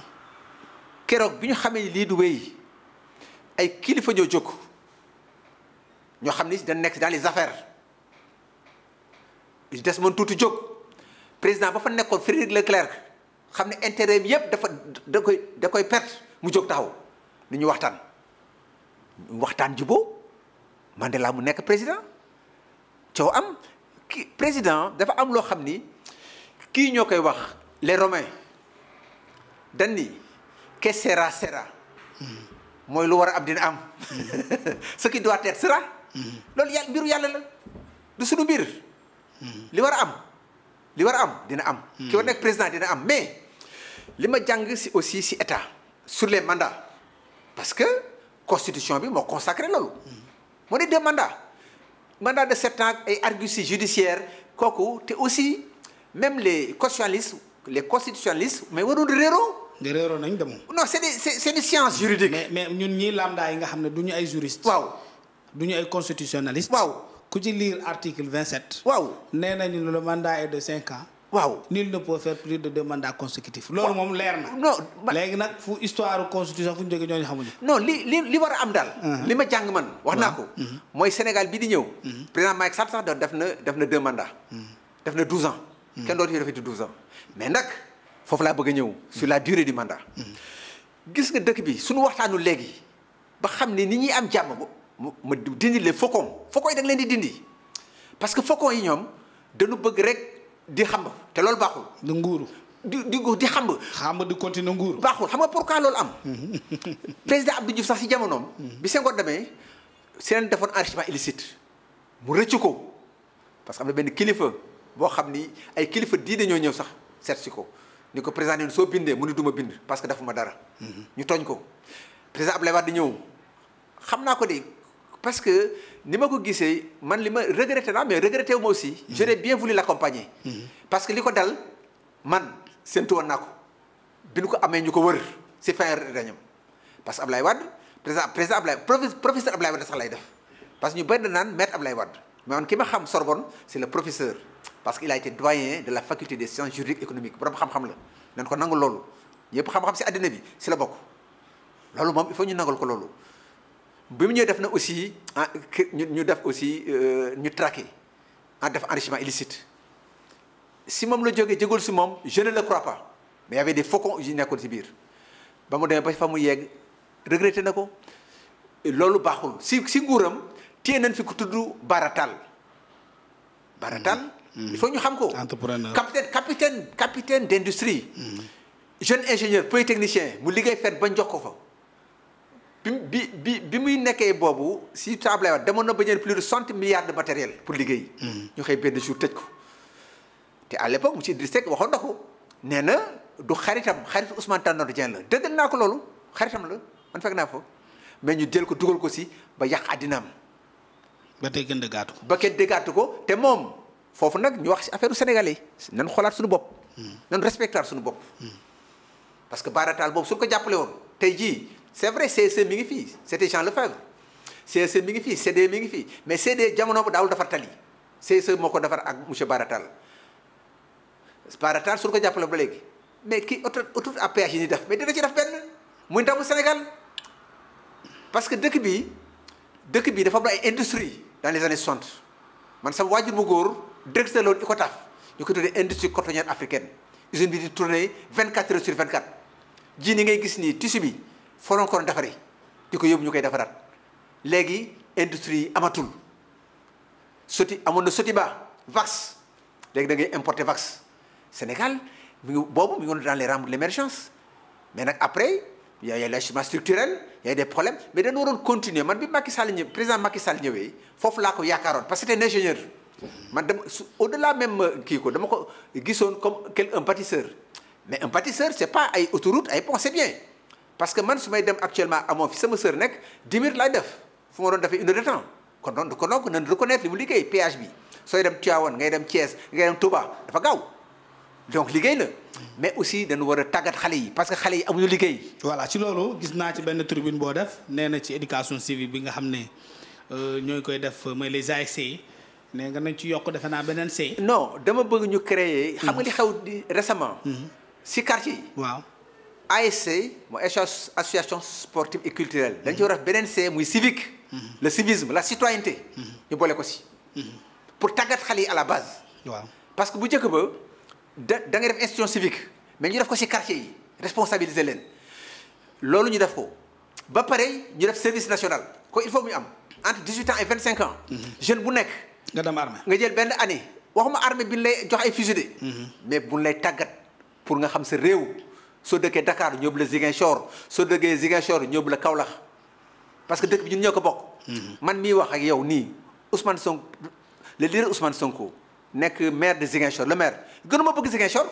keroog bi ñu xamee lii du wéy ay kilifa ñoo jóg ñoo xam ni da nekk dans les affaires des moon tuuti jóg président ba fa nekkoon Frédéric Leclerc xam ne intérêt bi yëpp dafa da koy da koy perte mu jóg taxaw ni ñu waxtaan. waxtaan jubóo Mandela mu nekk président coow am. ki président dafa am loo xam ni kii ñoo koy wax les romains dañ ni que sera sera mooy lu war a am dina am *laughs* ce qui doit être sera loolu yàlla mbiru yàlla la du suñu mbir li war a am li war a am dina am ki war nekk président dina am mais li ma jàng si aussi si état sur les mandats parce que constitution bi moo consacré loolu moo ne deux mandats mandat de sept ans ay arguties judiciaires kooku te aussi même les constitutionnalistes les constitutionnalistes mais warul réeroo. de réeroo nañ demoo. non c'est des c'est c'est sciences juridiques. mais mais ñun ñii lambda yi nga xam ne du ñu ay juristes. waaw du ñu ay constitutionnalistes. waaw ku ci lire article vingt sept. waaw nee nañu le mandat est de cinq ans. waaw nul ne peut faire plus de deux mandats loolu moom leer na. non léegi nag fu histoire constitution fu ñu jógee ñooñu xamuñu. non li li war a am daal. Uh-huh. li ma jàng man wax naa ko. Uh-huh. mooy Sénégal bii di ñëw. Uh-huh. président Macky Sall sax def na def na deux mandats. na douze ans. kenn dootu fi defati mais nag foofu laa bëgg a ñëw sur la durée du mandat. gis nga dëkk bi suñu waxtaanu léegi ba xam ni ni ñuy am jàmm ma ma dindi leen faucon faucon yi da nga leen di dindi parce que faucon yi ñoom dañu bëgg rek. di xamb te loolu baaxul. di nguuru. di di di xamb. xamb di continuer nguuru. baaxul xam nga pourquoi loolu am. *laughs* président Abdou Diouf sax si jamonoom. Mm-hmm. bi Senghor demee seen defoon enrichissement illicite mu rëcc ko parce que am na benn kilifa boo xam ni ay kilifa diine ñoo ñëw sax seet si ko ni ko président ne soo bindee mu ne du ma bind parce que dafa ma dara. Mm-hmm. ñu tooñ ko président Abdoulaye Wade di ñëw xam naa ko de parce que. ni ma ko gisee man li ma regretté naa mais regretté wu ma aussi. j'aurais bien voulu l'accompagner. Mhm. parce que li ko dal man séntu woon naa ko bi nu ko amee ñu ko wër si fin réunion parce que Ablaye Wade président président Ablaye professeur Ablaye Wade sax lay def parce que ñu bëri na naan maître Ablaye Wade mais man ki ma xam Sorbonne c'est le professeur parce que il a été doyen de la faculté des sciences juridiques économiques borom xam-xam la nañ ko nangu loolu yëpp xam-xam si àddina bi si la bokk loolu moom il ñu nangal ko loolu. bi mu ñëwee def na aussi ah, ñu ñu def aussi euh, ñu traqué ah def enrichissement illicite si moom la jógee jégul si moom je ne le mais y avait des faucons yu nekkoon si biir ba mu demee ba fa mu yegg regretté na ko loolu baaxul si si nguuram téye nañ fi ku tudd Baratal. Baratal. Mm-hmm. il faut ñu xam ko. entrepreneur capitaine capitaine capitaine d' industrie. Mm-hmm. jeune ingénieur polytechnicien mu liggéey fet ba njox ko fa. bi bi bi bi muy nekkee boobu si sa Ablaye Wade demoon na ba ñeen plus de cent milliards de matériel pour liggéey. Mm. ñu xëy benn jour tëj ko. te à l'époque monsieur Idriss Seck waxoon na ko nee na du xaritam xarit Ousmane Tanor Dieng la dëggal naa ko loolu xaritam la man fekk naa fa mais ñu jël ko dugal ko si ba yàq àddinaam. ba tey kenn dëggaatu ko. ba kenn dëggaatu ko te moom foofu nag ñu wax si affaire sénégalais nan xoolaat suñu bopp. Mm. nan respectaat suñu bopp. Mm. parce c'est vrai CEC e mi ngi fii c'était Jean Lefebvre CEC e mi ngi fii CD mi ngi fii mais CD jamono bu daawul defar tali CEC e moo ko defar ak monsieur Baratal Baratal su ko jàppale ba léegi mais kii auto autoroute à yi ñuy def mais dina ci def benn muy ndamu Sénégal parce que dëkk bi dëkk bi dafa am ay industrie dans les années 60 man sama waajur bu góor directeur la woon ICOTAF ñu ko tuddee industrie cotonnière africaine usine bi di tourner 24 heures sur 24 ji ni ngay gis nii tissu bi. foo doon ko ko yóbbu ñu koy defaraat léegi industrie yi amatul soti amoon na soti ba vax léegi da ngay importer vax Sénégal mi ngi boobu mi ngi woon dans les nag après y a l'ajustement structurel des problèmes mais dañu waroon continuer man bi Macky Sall président Macky Sall ñëwee foofu laa ko yaakaaroon parce que c'était un ingénieur man dama au-delà même euh, kii ko dama ko gisoon comme quel un bâtisseur mais un bâtisseur c'est pas ay autoroute ay pont bien parce que man su may dem actuellement amoo fi sama sœur nekk dix minutes laay def fu ma doon defee une heure de temps kon donc kon donc nañ reconnaître li mu liggéey péage bi sooy dem Tivaouane ngay dem Thiès ngay dem Touba dafa gaaw donc liggéey na mais aussi dañu war a tàggat xale yi parce que xale yi amuñu liggéey. voilà ci loolu gis naa ci benn tribune boo def nee na ci éducation civique bi nga xam ne euh, ñooy koy def mooy les ASC yi nee nga nañ ci yokk defe naa beneen C. non dama bëgg ñu créer. xam nga hmm. li xew récemment. Hmm. si quartier yi waaw. ASC mooy association sportive et culturelle. dañ ci war a def beneen C muy civique. Mhm. le civisme la citoyenneté. Mhm. ñu boole ko si. Mhm. pour tàggat xale yi à la base. parce que bu njëkk ba da da ngay def institution civique mais ñu def ko si quartier yi responsabiliser leen loolu ñu def ko ba pare ñu def service national ko il faut mu am entre dix huit ans et vingt cinq ans. jeune bu nekk. nga dem nga jël benn année waxuma armée bi ñu lay jox ay fusée de mais bu ñu lay tàggat pour nga xam sa réew. soo dëkkee Dakar ñu yóbbu la Ziguinchor soo dëkkee Ziguinchor ñu yóbbu la Kaolack parce que dëkk bi ñun ñoo ko bokk. Mhm. man mii wax ak yow nii Ousmane Sonko li leader Ousmane Sonko nekk maire de Ziguinchor le maire gënuma bëgg Ziguinchor.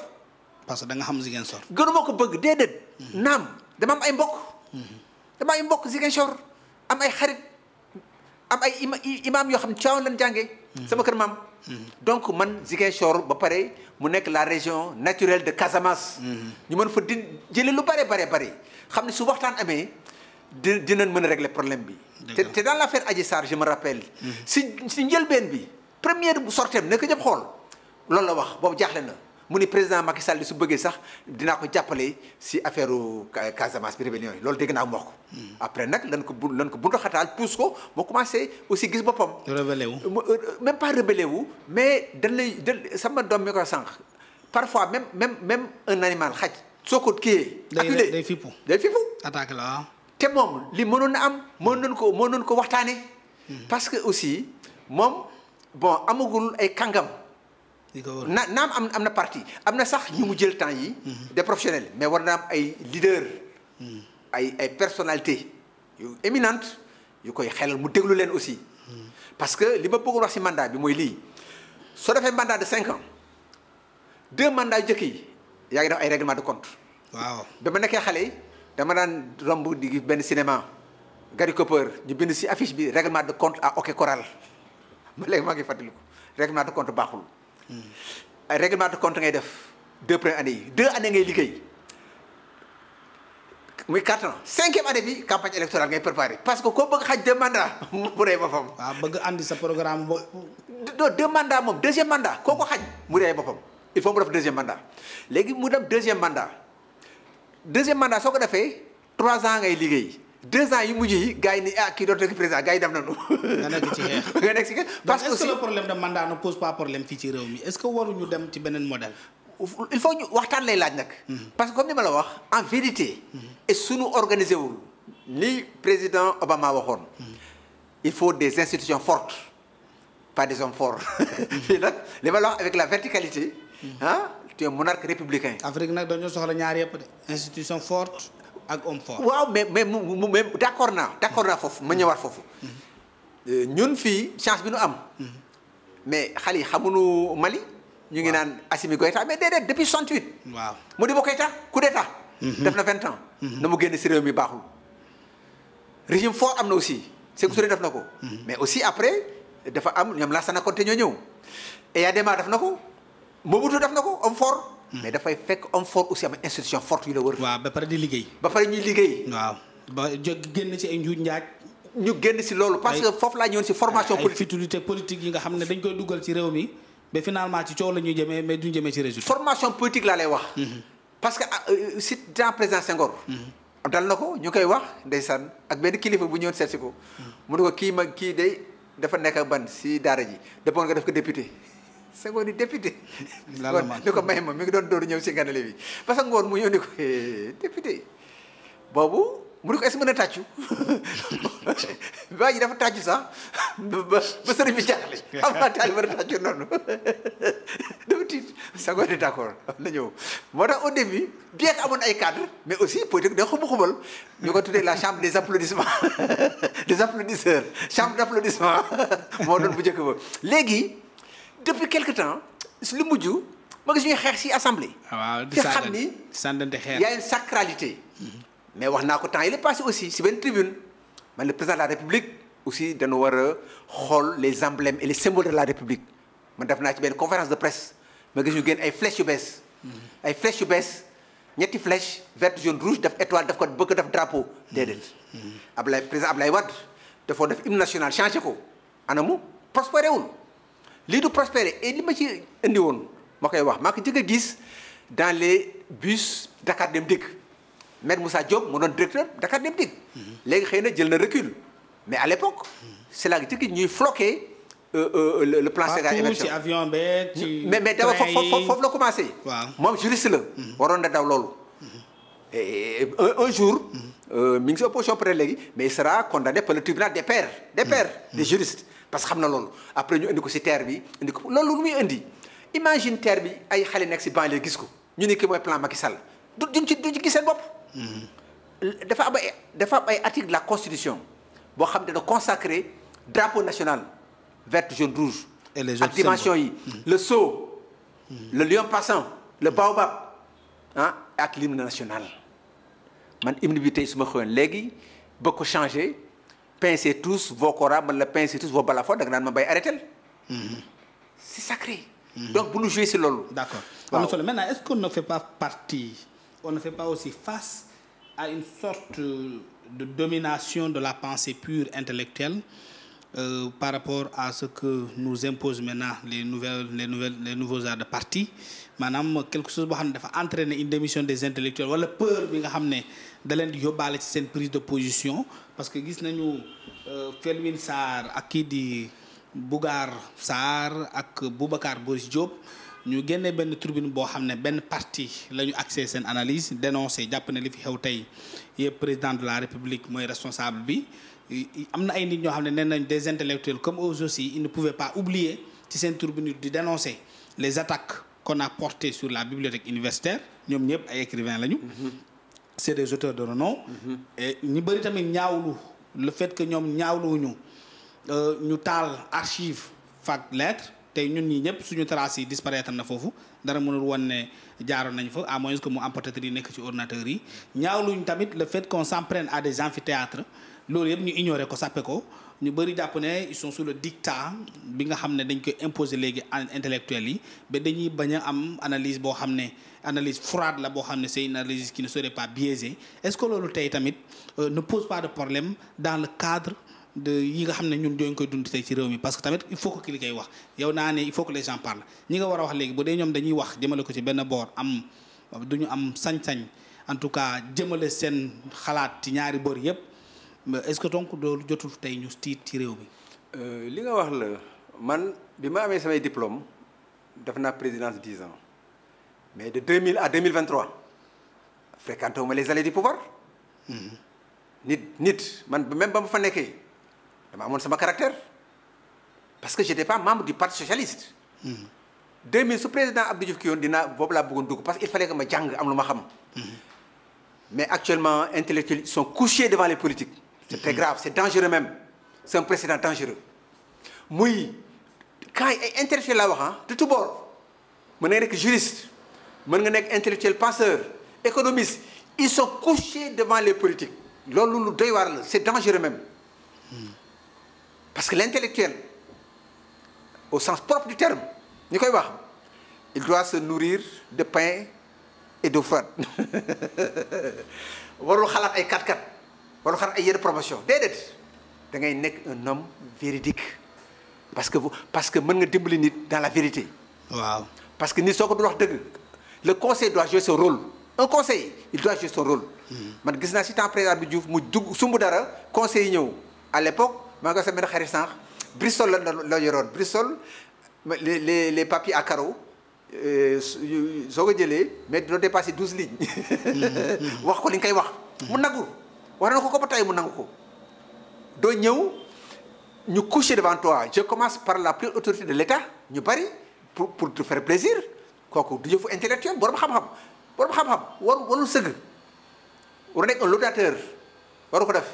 parce que da nga xam Ziguinchor. gënuma ko bëgg déedéet. Mhm. naam dama am ay mbokk. Mhm. dama ay mbokk Ziguinchor am ay xarit am ay ima yoo xam ne Tiwaawan lañ jàngee. sama kër maam. donc man Ziguinchor ba pare mu nekk la région naturelle de Casamance. Mhm. ñu mën fa di jëlee lu bare bare bare xam ne su waxtaan amee di dinañ mën a régler problème bi. te te dans l' affaire Adji Sarr je me rappelle. Mhm. si si njëlbeen bi première bu sorteem na ko ñëpp xool loolu la wax boobu jaaxle na. mu ni président Macky Sall su bëggee sax dinaa ko jàppale si affaire Casamance bi rébellion yi loolu dégg naa mu wax ko. Hmm. après nag lan ko bu lan ko buntu xataal pousse ko moo commencé aussi gis boppam. rébellé wu euh, même pas rébellé wu mais dañ lay dañ sama doom mi ko sànq parfois même même même un animal xaj. soo ko kiiyee. acculé day fippu day fippu. attaque la waaw. Ah. te moom li mënoon na am moo nañu ko mënoon ko waxtaanee. Hmm. parce que aussi moom bon amagul ay kàngam. na naam am am na parti am na sax ñu mu jël temps yi mhm. des professionnels mais war naa am ay leader mhm. ay ay personnalité yu éminente yu koy xelal mu déglu leen aussi mhm. parce que li ma bëggoon wax ci mandat bi mooy lii soo defee mandat de cinq ans deux mandats yu jëkk yi yaa ngi def ay règlement de compte waaw ba ma nekkee xale yi dama daan romb di benn cinéma Gary Cooper ñu bind ci affiche bi règlement de compte à Hockey Coral ma *laughs* léegi maa ngi fàttaliku règlement de compte baaxul ay règlement de compte ngay def deux premières années yi deux années ngay liggéey muy quatre ans cinquième année bi campagne électorale ngay préparé parce que ko bëgg xaj deux mandats *laughs* mu rey boppam. waaw bëgg andi sa programme bo. non deux mandats moom deuxième mandat koo ko xaj mu rey boppam il faut mu def deuxième mandat léegi mu dem deuxième mandat deuxième mandat soo ko defee trois ans ngay liggéey. deux ans yu mujj yi gars yi ni ah kii dootu nekk président gars yi dem nañu. nga nekk ci xeex *laughs* nga nekk ci xeex parce que. est-ce que le problème de pose pas problème fii ci réew mi est-ce que waruñu dem ci beneen modèle. il faut ñu waxtaan lay laaj nag. Mm-hmm. parce que comme ni ma la wax en vérité. Mm-hmm. et suñu organisé wul. li président Obama waxoon. Mm-hmm. il faut des institutions fortes pas des hommes forts. *laughs* fii nag li ma la wax avec la verticalité. ah tu es monarque républicain. Afrique nag dañoo soxla ñaar yëpp de institution ak homme waaw mais mais mu mais d' accord naa d' accord naa foofu ma ñëwaat foofu. Euh, ñun fii chance bi nu am. mais xale yi xamuñu Mali. ñu ngi naan Assimi tax Goïta mais déedéet depuis 68. waaw Modibo Keïta coup d' tax mhm. def na vingt ans. Mhm. na mu génn si réew mi baaxul. régime fort am na aussi. Sékou Touré def na ko. Mhm. mais aussi après dafa am ñoom Lansana Conté ñoo ñëw. Eyadema def na ko Mobutu def na ko homme fort. Mm. mais dafay fekk homme fort aussi am institution forte yu la wër. ba pare di liggéey. ba pare ñuy liggéey. waaw ba jóg génn ci ay njuuj njaaj. ñu génn si loolu parce que foofu laa ñëwoon si formation. politique ay futilité politique yi ne dañ koy dugal ci réew mi mais finalement ci la ñuy jëmee mais duñ jëmee ci formation politique laa lay wax. Mm-hmm. parce que ah, euh, si dans président Senghor. Mm-hmm. dal na ko ñu koy wax ndeysaan ak benn kilifa bu ñëwoon seet si ko. Mm-hmm. mu ne ko kii ma kii day dafa nekk ban si daara ji dëppoon nga def ko député. Senghor di député. *laughs* lala ni ko may ma mi ngi doon dóor ñëw si ganale bi parce que ngoon mu ñëw ni ko eh, député boobu mu ne ko est-ce a tàccu *laughs* waa ji dafa tàccu sax ba ba sëriñ bi jaaxle *laughs* xam naa taal mën a tàccu noonu dafa tiit Senghor d'accord na ñëw moo tax au début bien que amoon ay cadre mais aussi politique da xubu xubal ñu ko tuddee la chambre des applaudissements des applaudisseurs chambre d'applaudissement moo doon bu njëkk ba léegi depuis quelque temps lu mujj ma gis xeex si assemblée. Ah, waaw di xam ni sànnante xeer. une sacralité. Mm-hmm. mais wax naa ko temps yi la passé aussi si benn tribune man le président de la république aussi dañu war xool les emblèmes et les symboles de la république man def naa ci benn conférence de presse ma gis ñu génn ay flèches yu bees. Mm-hmm. ay flèches yu bees ñetti flèches verte jaune rouge daf étoile daf ko bëgg daf drapeau. déedéet mm-hmm. Ablaye président Ablaye Wade dafoo def hymne national changé ko anamu lii du prospérer et li ma ci indi woon ma koy wax maa ko jëkk a gis dans les bus Dakar Dem Dikk maître Moussa Diop mu doon directeur Dakar Dem Dikk mhm. léegi xëy na jël na recul mais à l'époque mhm. c'est la jëkk ñuy floqué euh, euh, le plan Sénégal Émergent avion mais mais dafa foofu foofu la commencé moom juriste la mhm. waroon na daw loolu un jour euh, mi ngi si opposition peut-être léegi mais sera condamné par le tribunal des pairs des pairs parce que xam na loolu après ñu indi ko si terre bi indi ko loolu muy indi imagine terre bi ay xale nekk si banlieue gis ko ñu ne ki mooy plan Macky Sall du duñ ci ki ci gis seen bopp. Mm-hmm. dafa am ay dafa de la constitution boo xam ne na consacré drapeau national vert jaune rouge. et les autres ak dimension yi. Mm-hmm. le sceau. Mm-hmm. le lion passant. le baobab ah ak l'hymne national man hymne bi tey su ma xëyoon léegi bëgg ko changé. pincez tous vos corabes la pincez tous vos balafours da nga naan ma bay arrêté mhm. c'est sacré. Mhm. donc bu ñu jouer si loolu. d'accord am na solo maintenant est-ce qu'on ne fait pas partie on ne fait pas aussi face à une sorte de domination de la pensée pure intellectuelle. euh, par rapport à ce que nous imposent maintenant les nouvelles les nouvelles les nouveaux arts de parti maanaam quelque chose boo xam ne dafa entraîner in démission des intellectuels wala peur bi nga xam ne da leen di yóbbaale ci seen prise de position parce que gis nañu euh, Felwine Sarr ak kii di Bougar Sarr ak Boubacar Boris Diop ñu génnee benn tribune boo xam ne benn parti la ñu axé seen analyse dénoncé jàpp ne li fi xew tey yëpp président de la république mooy responsable bi am na ay nit ñoo xam ne nee nañ des intellectuels comme eux aussi ils ne pouvaient pas oublier ci seen tur bi ñu di dénoncer les attaques qu'on a portées sur la bibliothèque universitaire ñoom ñëpp ay écrivains lañu. Mm-hmm. c'est des auteurs de renom. Mm-hmm. et ñu bëri tamit ñaawlu le fait que ñoom ñaawluwuñu euh, ñu taal archive fac lettre tey ñun ñi ñëpp suñu traces yi disparaître na foofu dara mënul woon ne jaaroon nañ fa à moins que mu am peut yi nekk ci ordinateur yi ñaawluñu tamit le fait qu'on s'en prenne à des amphithéâtres loolu yëpp ñu ignoré ko sàppe ko ñu bëri jàpp ne ils sont sous le dictat bi nga xam ne dañ koy imposer léegi intellectuels yi ba dañuy bañ a am analyse boo xam ne analyse froide la boo xam ne c'est une analyse qui ne serait pas biaisée est-ce que loolu tey tamit euh, ne pose pas de problème dans le cadre de yi nga xam ne ñun ñoo koy dund tey ci réew mi parce que tamit il faut que ki koy wax yow naa ne il faut que les gens parlent ñi nga war a wax léegi bu dee ñoom dañuy wax jëmale ko ci benn boor am duñu am sañ en tout cas jëmale seen xalaat ci ñaari boor yëpp. est-ce que donc loolu jotul tey ñu tiit ci réew mi. Euh, li nga wax la man bi ma amee samay diplôme def naa présidence dix ans mais de 2000 à 2023 fréquenté wu ma les allées du pouvoir. Mhm. nit nit man même ba mu fa nekkee dama amoon sama caractère parce que j'étais pas membre du parti socialiste. 2000 mhm. su président Abdou Diouf ki yoon dinaa boobu laa bëggoon dugg parce que il fallait que ma jàng am lu ma xam. Mhm. mais actuellement intellectuels sont couchés devant les c'est très grave c'est dangereux même c'est un précédent dangereux muy quand ay intellectuel laa wax ah de tout bord mën nga nekk juriste mën nga nekk intellectuel penseur économiste ils sont couchés devant les politiques loolu lu doy waar la c'est dangereux même parce que l'intellectuel au sens propre du terme ñu koy wax il doit se nourrir de pain et d'eau froide *laughs* warul xalaat ay kat-kat wala xar ay yére promotion déedéet da ngay nekk un homme véridique parce que parce que mën nga dimbali nit dans la vérité. waaw parce que nit soo ko dul wax dëgg le conseil doit jouer son rôle. un conseil il doit jouer son rôle. Hmm. man gis naa si temps président bi Diouf mu dugg sumb dara conseil yi ñëw à l'époque maa ngi ko samay xarit sànq Bristol la la yoroon Bristol les les les papiers à carreaux euh, soo ko jëlee mais doo dépasser douze lignes. Hmm, hmm, *laughs* wax ko li nga koy wax. mu nagu. war ko ko ba tey mu nangu ko doo ñëw ñu coucher devant toi je commence par la plus haute autorité de l'État ñu bari pour pour te faire plaisir kooku du jëfu intellectuel borom xam-xam borom xam-xam waru warul sëgg waru nekk un laudateur waru ko def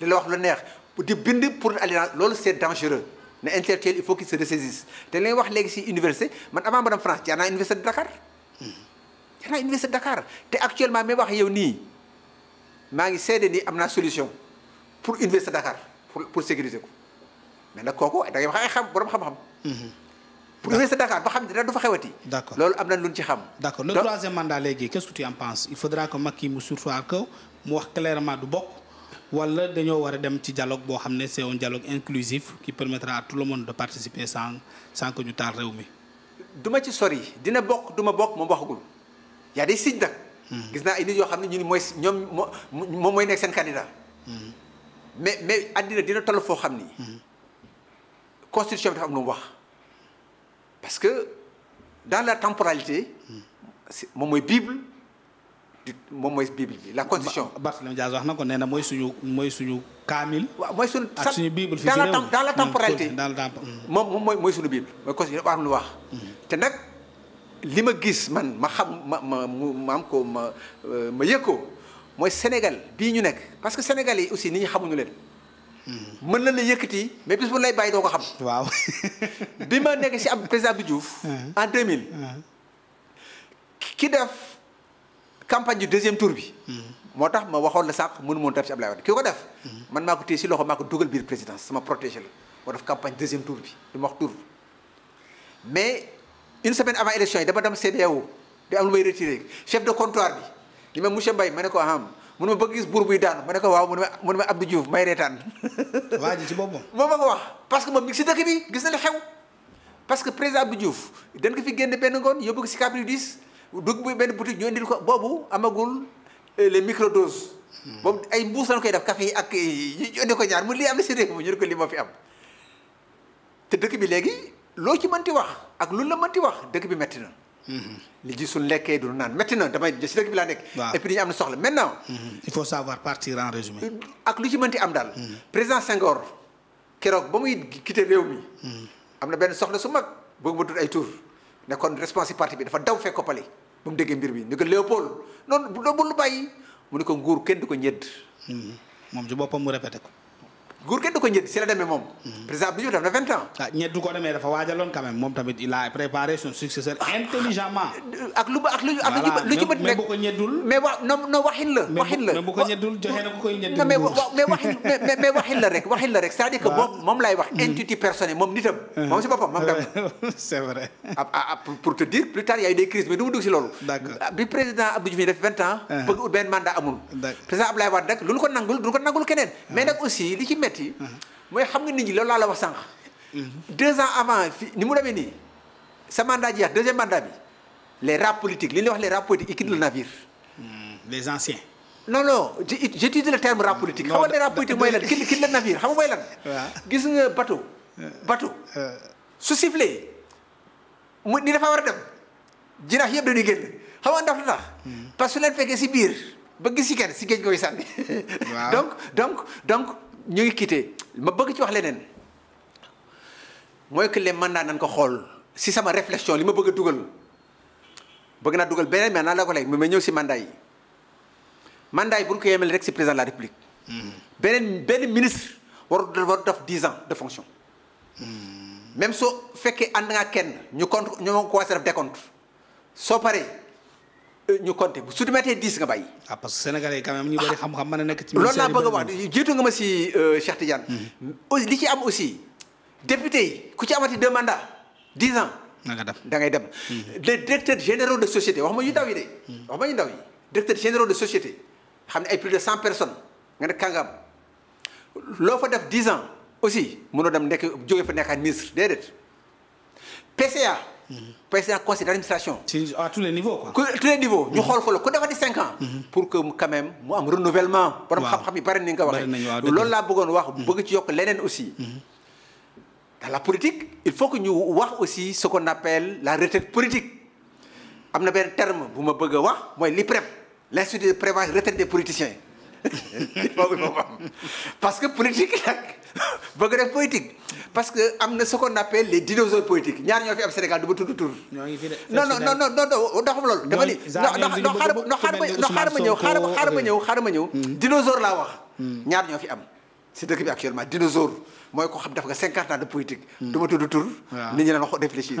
di la wax lu neex di bind pour alliance lool c'est dangereux ne intellectuel il faut qu'il se ressaisisse te li wax léegi si université man avant ma dem France jaar naa université de Dakar jaar naa université de te actuellement may wax yow nii maa ngi seede ni am na solution pour université Dakar pour pour sécuriser ko mais nag kooku da ngay wax ay xam borom xam-xam. Mhm. pour université ba xam ne dara du fa xewati. d' accord loolu am na lu ñu ci xam. d' accord le troisième mandat léegi qu' est ce que tu en penses il faudra que Macky mu sursoir que mu wax clairement du bokk. wala dañoo war a dem ci jaloog boo xam ne c' est un dialogue inclusif qui permettra à tout le monde de participer sans sans que ñu taal réew mi. du ma ci sori dina bokk du ma bokk moom waxagul yaa day signe nag. gis naa ay yoo xam ne ñu ni mooy ñoom moom mooy nekk seen candidat. mais mais àddina dina toll foo xam ni. constitution bi dafa am nu mu wax parce que dans la temporalité. moom mooy mooy bible bi la constitution. Barthélémy Dias wax na ko nee na mooy suñu mooy suñu kaamil. waaw mooy suñu ak suñu bible fii ci réew mi dans la temporalité moom moom mooy mooy suñu bible constitution bi am lu wax mm-hmm. te nag. li ma gis man ma xam ma ma ma am ko ma ma yëg ko mooy Sénégal bii ñu nekk parce que Sénégal yi aussi nit ñi xamuñu leen. Hmm. mën na la yëkkati mais bis bu lay bàyyi doo ko xam. waaw *laughs* bi ma nekk si ab président bi Diouf. Hmm. en 2000. Hmm. ki def campagne du deuxième bi. moo tax ma waxoon la sànq mënu moon def si ko def. man maa ko téye si loxo maa ko dugal biir présidence sama protégé la moo def campagne deuxième tour bi du ma wax tour mais. une semaine avant élection yi dama dem CBAO di am lu may retiré chef de comptoir bi li ma monsieur Mbaye ma ne ko aham mun ma bëgg gis buur buy daanu ma ne ko waaw mu ne ma mu ne ma Abdou may reetaan. *laughs* waa ma *laughs* ko wax parce que moom mi ngi si dëkk bi gis na li parce que président Abdou Diouf dañ ko fi génne benn ngoon yóbbu ko si cabri 10 dugg benn boutique ñu indil ko boobu amagul euh, les microdoses. boobu hmm. ay mbuus lañ koy def café yi ak ñu indi ko ñaar mu lii am na si réew mi ñu ne ko moo fi am. dëkk bi léegi loo ci mënti wax ak lu la mënti wax dëkk bi metti na. Mhm. li ji suñ lekkee du naan metti na damay si dëkk bi laa nekk. waaw et puis dañu am na soxla maintenant. Mhm. il faut savoir partir en résumé. Euh, ak lu ci mënti am daal. Mhm. président Senghor keroog ba muy quitté réew mi. am na benn soxla su mag bëgg ma tudd ay tur ne kon responsable parti bi dafa daw fekk koppali ba mu déggee mbir bi ni ko Léopold noonu bu doon bàyyi mu ne ko nguur kenn du ko ñedd. moom ci boppam mu répété ko. góor kenn du ko njëkk si la demee moom. Hmm. président bi ñu def na vingt ans. ah ñett du ko demee dafa waajaloon quand même moom tamit il a préparé son successeur ah, intelligemment. Ah, ak lu ba ak lu ak lu ci bët rek mais bu ko ñeddul. mais wa non non waxin la. waxin la mais bu ko ñeddul joxe na ku koy ñeddul. mais waxin mais mais waxin la rek waxin la rek c'est-à-dire que moom moom laay wax. Hmm. entité personnelle moom nitam. Hmm. moom si boppam moom tam. *laughs* c'est vrai. ah, ah pour te dire plus tard y a eu des crises mais du ma dugg si loolu. d'accord bi président Abdou Diouf def vingt ans. bëgg benn mandat amul. d'accord président Abdoulaye Wade nag lu ko nangul du ko nangul keneen mais nag aussi li ci métti seet yi. mooy xam nga nit ñi loolu laa la wax sànq. deux ans avant ni mu demee nii sa mandat jeex deuxième mandat bi les rats politiques li ñuy wax les rats politiques ils quittent le navire. Hmm, les anciens. non non j'utilise le terme rat politique. xam nga ne rat politique mooy lan la navire nga mooy lan. gis nga bateau. Euh, bateau euh. su sifflé ni dafa war a dem jinax yëpp dañuy génn xam nga ndax lu tax. Hmm. parce que su leen fekkee si biir ba gis si kenn si géej koy sànni. *laughs* donc donc donc ñu ngi quitté ma bëgg ci wax leneen mooy que les mandats nañ ko xool si sama réflexion li ma bëgg dugal bëgg naa dugal beneen mais naa la ko léegi mais ñëw si mandat yi mandat yi bu ñu ko yemale rek si président de la république. Hmm. beneen benn ministre war war def dix ans de fonction. Hmm. même soo fekkee ànd nga kenn ñu compte ñoo commencé def décompte soo paree. ñu compter su su dematee dix nga bàyyi. ah parce que sénégalais yi quand même ñu ah, xam-xam mën nekk ci. loolu a wax jiitu nga ma si euh, Cheikh Tidiane. Mhm. li ci am aussi député yi ku ci amati deux mandats dix ans. da nga dem da ngay dem. Mhm. les directeurs généraux de société wax ma ñu ndaw yi de. Mhm. wax ma ñu ndaw yi directeurs généraux de société xam ne ay plus de cent personnes nga ne kàngam loo fa def dix ans aussi mënoo dem nekk jóge fa nekkaat ministre déedéet PCA. Mm-hmm. président conseil d' administration. si à tous les niveaux quoi. à tous les niveaux ñu xool xool ku defati cinq ans. Mm-hmm. pour que quand mu am renouvellement. borom xam-xam yi bari ni nga ko bëggoon wax. Mm-hmm. bëgg ci yokk leneen aussi. dans la politique il faut que ñu wax aussi ce qu'on appelle la retraite politique am na benn terme bu ma bëgg wax mooy l'IPREP l' institut de prévoyance retraite des politiciens. *laughs* parce que politique nag *laughs* bëgg def parce que am na ce qu'on appelle les dinosaures politiques ñaar ñoo fi am Sénégal du ma tur. ñoo ngi fi de non non non non non doxam loolu. dama ni non non xaaral ma ñëw xaaral ma ñëw euh, xaaral ñëw. Hmm. dinosaure laa wax. Hmm. ñaar ñoo fi am si dëkk bi actuellement dinosaure mooy ko xam def nga cinquante ans de politique. Hmm. du ma tudd tur. nit ñi dañoo wax réfléchir *laughs*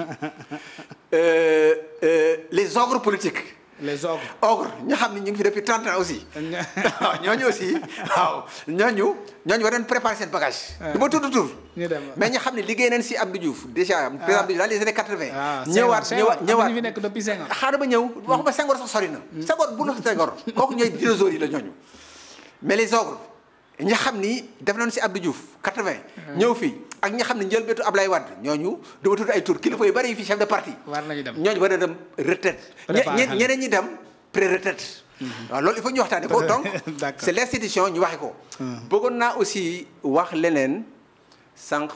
euh, euh, les ogres politiques. les ogres ogres xam ne ñu ngi fi depuis 30 ans aussi. waaw *laughs* *laughs* ah, ñooñu aussi waaw ñooñu ñooñu war nañ préparer seen bagage. Ah. du ma tudd tur. ñu dem mais ñu xam ne liggéey nañ si Abdou Diouf déjà. waaw président Abdou Diouf dans les années 80. waaw ah, ñëwaat ñëwaat ñëwaat fi nekk depuis Senghor. xaaral ma ñëw waxuma Senghor sax sori na. Mm. Senghor bu na Senghor kooku ñooy dinosaures yi la ñooñu mais les ogres. ñi xam ni def nañu si Abdou Diouf 80. ñëw fii ak ñi xam ne njëlbéetu Ablaye Wade ñooñu dama tudd ay tur kilifa yu bari yu fi chef de parti. war nañu dem ñooñu war a dem retraite. ñeneen ñi dem pré retraite. Mhm. waaw loolu il faut ñu waxtaanee ko *laughs* donc c'est l'institution ñu waxe ko. Mhm. bëggoon naa aussi wax leneen sànq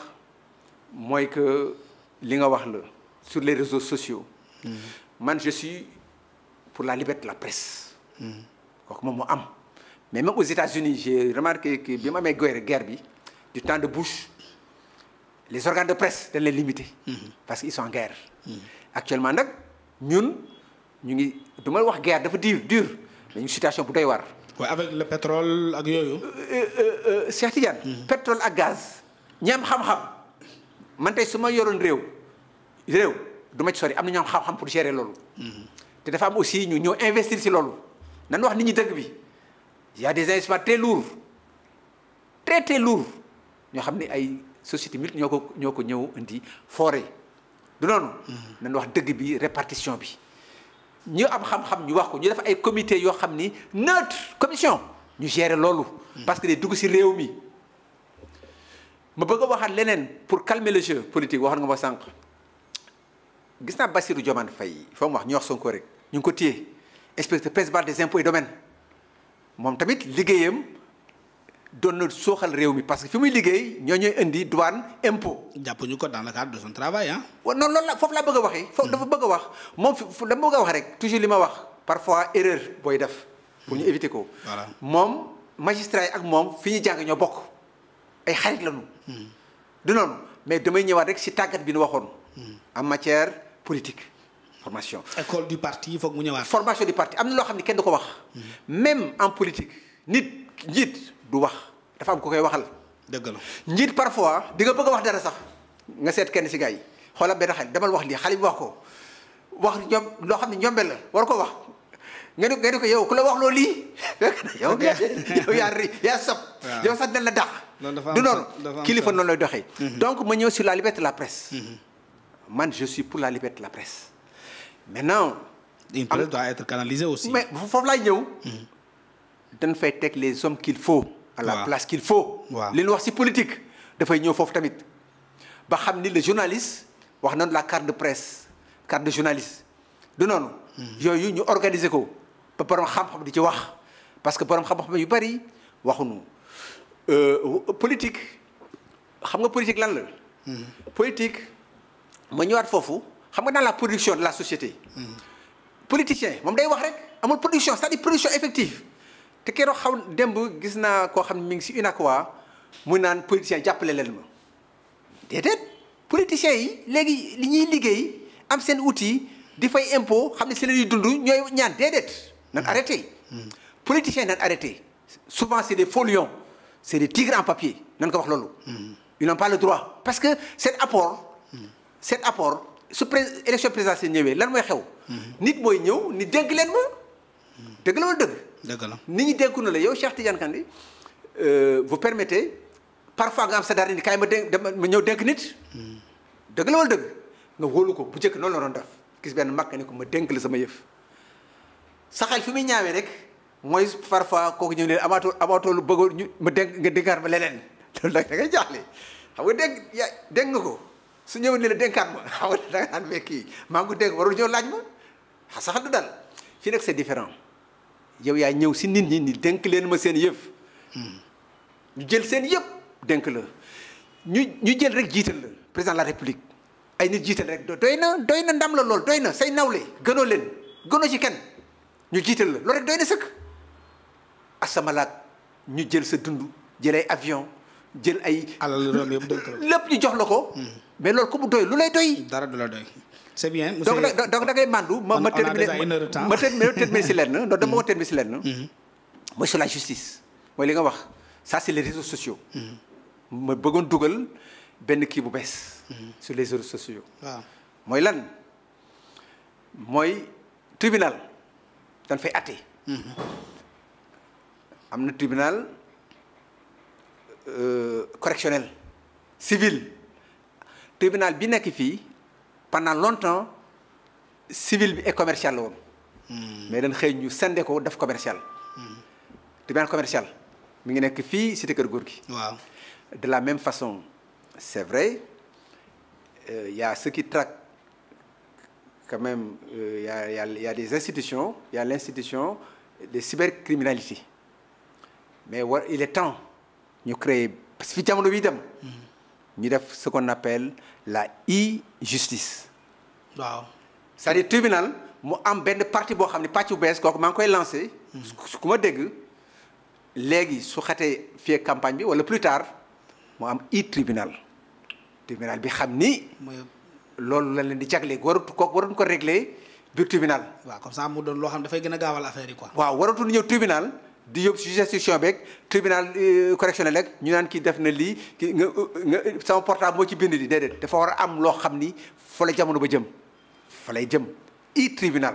mooy que li nga wax la sur les réseaux sociaux. Mhm. man je pour la liberté de la presse. kooku moom moo am. mais même aux États-Unis j'ai remarqué que bi mu amee guerre guerre bi du temps de Bush les organes de presse te leen limité. Mhm. parce que ils sont en mhm. actuellement nag ñun ñu ngi du ma wax ger dafa dur dur dañu situation bu doy war. waaye avec le pétrole ak yooyu. Euh, euh, euh, Cheikh Tidiane. Mhm. pétrole ak gaz. ñi am xam-xam man tey su ma yoroon réew du ma ci sori am na ñoo xam-xam pour gérer loolu. te dafa am aussi ñu ñëw investir si loolu nan wax nit ñi dëgg bi. ya des investissements très lourds très ñoo xam ne ay société mil ñoo ko ñoo ko ñëw indi foore du noonu mm-hmm. nañ wax dëgg bi répartition bi ñu ab xam-xam ñu wax ko ñu def ay comité yoo xam ni neutre commission ñu gere loolu mm-hmm. parce que day dugg ci réew mi ma bëgg a waxaat leneen pour calmer le jeu politique waxoon nga ma sànq gis naa Bassirou Diomaye fay foo mu wax ñu wax Sonko rek ñu ngi ko téye inspecteur principal des impôts domaines moom tamit liggéeyam doon na sooxal réew mi parce que fi muy liggéey ñoo ñooy indi douane impôt. ñu ko daanaka le cadre de son travail ah. waaw non la foofu laa bëgg a waxee. foofu hmm. dafa bëgg a wax moom fi dama bëgg a wax rek toujours li ma wax parfois erreur booy def. pour ñu hmm. éviter ko. voilà moom magistrat yi ak moom fi ñu jàng ñoo bokk ay xarit lañu. Hmm. du noonu mais damay ñëwaat rek si tàggat bi nu waxoon. am matière politique. formation. école du parti foog du parti am na loo xam ne kenn ko wax. Mhm. même en politique nit njiit du wax dafa am ko koy waxal. njiit parfois di nga bëgg a wax dara sax nga seet kenn ci gars yi a benn xale demal wax lii xale bi wax ko wax ñoom loo xam ne ñombe la war ko wax. nga ne ko yow ku la wax loolu lii *laughs* yow yaa *laughs* yaa sab yow sax dina la dàq du noonu kilifa noonu lay doxee mhm. donc ma ñëw sur la liberté la presse mhm. man je pour la liberté la presse mais une presse doit être canalisée aussi. mais foofu laay ñëw. Mhm. dañ fay teg les hommes qu'il faut. à la place qu'il faut. waaw li ñu wax ci politique dafay ñëw foofu tamit ba xam ni le journaliste wax nañu la carte de presse carte de journaliste du noonu. Mhm. yooyu ñu organiser ko ba borom xam-xam di ci wax parce que borom xam-xam yu bari waxuñu euh, politique xam nga politique lan la. Mhm. politique ma ñëwaat foofu. xam nga dans la production de la société. politicien moom day wax rek amul production c'est-à-dire production effective te keroog xaw démb gis naa koo xam ne mi ngi si UNACOIS mu naan politicien jàppale leen ma déedéet politiciens yi léegi li ñuy liggéey am seen outil di fay impôt xam ne si la ñuy dund ñooy ñaan déedéet nan hmm. arrêté hmm. politiciens yi nan arrêté souvent c'est des faux lions c'est des tigres en papier nan ko wax loolu hmm. parce que cet apport cet apport su pré élection présidentielle ñëwee lan mooy xew. Mhm. nit mooy ñëw ni dénk leen ma. Mhm. dëgg la wala dëgg. dëgg la nit ñi dénku na la yow Cheikh Tidiane Kandji euh, vous permettez parfois nga am sa dara ni kaay ma dénk ñëw dénk nit. Mhm. dëgg la wala dëgg nga wóolu ko bu njëkk noonu la doon def gis benn mag ne ko ma dénk la sama yëf. sa xel fi muy ñaawee rek mooy parfois kooku ñëw ne amaatoo amaatoo lu bëggoon ñu ma dénk nga dénkaat ma leneen *laughs* loolu nag da ngay jaaxle xam nga dégg ya dégg nga ko. su ñëwee ni la dénkaat ma xaw *laughs* da nga naan mais kii maa ngi ko warul ñëw laaj ma xa ah, sax dal fii nag sa différent yow yaa ñëw si nit ñi ni dénk leen ma seen yëf hmm. ñu jël seen yëpp denk la ñu jël rek jiital la président de la république ay nit jiital rek doy na doy na ndam la lool doy na say nawle gënoo leen gënoo ci kenn ñu jiital la loolu rek doy na sëkk asamalaat ah, ñu jël sa dund jël ay avion jël ay alal lépp ñu jox la ko hmm. mais loolu ku mu doy lu lay doy. dara du la doy. c'est bien monsieur donc da donc màndu. ma ma terminer ma terminer si lenn non dama ko mhm. terminer si lenn. Mhm. mooy sur la justice. mooy li nga wax ça c'est les réseaux sociaux. Mhm. bëggoon dugal benn kii bu bees. sur les réseaux waaw mooy lan mooy tribunal dañ fay àtte. am na tribunal euh, correctionnel civil. tribunal bi nekk fii pendant longtemps civil bi et commercial la woon. Hmm. mais dañ xëy sende ko def commercial. Hmm. tribunal commercial mi ngi nekk fii cité Kër Góor gi. waaw de la même façon c'est vrai ya euh, y qui traquent quand même euh, y a y a y a des institutions y a l'institution de cybercriminalité mais war il est temps ñu créer parce que fi jamono bi itam. ñu def ce qu'on appelle la e-justice. waaw cest à tribunal mu am benn partie boo xam ne pàcc bu bees kooku maa ngi koy lancé. Hmm. ku ma dégg léegi su xatee fii campagne bi wala plus tard mu am e-tribunal. tribunal bi xam ni. loolu lañ leen di jagleel warut kooku waruñ ko régler biir tribunal. waaw comme ça mu doon loo xam dafay gën a gaawal affaire yi quoi. waaw waratuñu ñëw tribunal. di yóbbu si gestion beeg tribunal euh, correctionnel rek ñu naan kii def na lii ki nga nga sama portable moo ci bind di déedéet dafa war a am loo xam ni fa la jamono ba jëm fa lay jëm i tribunal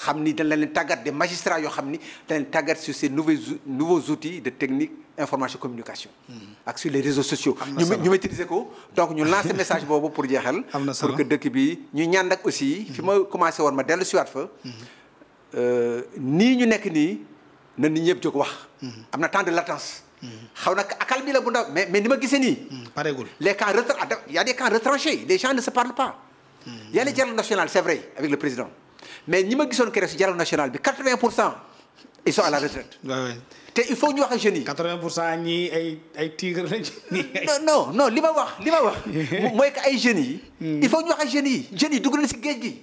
xam ni dañ leen tàggat de magistrats yoo xam ni dañ leen tàggat sur ces nouveaux nouveaux outils de technique information communication hmm. ak sur les réseaux sociaux ñu maîtriser ko donc ñu lancer message boobu pour jeexal *laughs* pour que dëkk bi ñu ñaan ak aussi fi hmm. ma commencé woon ma dellu siwaat fa hmm. euh, ñu nekk nii na nit ñëpp jóg wax. Mm-hmm. am na temps de latence. Mm-hmm. xaw na akal la bu ndaw mais mais ni ma gisee nii. Mm-hmm. pareegul les camps retra ah, a des camps retranchés les gens ne se parlent pas. y a national c'est vrai avec le président mais ñi ma gisoon keroog si dialogue national bi 80 pour cent ils sont à la retraite. *laughs* te il faut ñu wax ak jeunes yi. ay tigre lañ. non non non li ma wax li ma wax. *laughs* mooy que ay jeunes yi. il faut ñu wax ak jeunes yi jeunes yi si géej gi.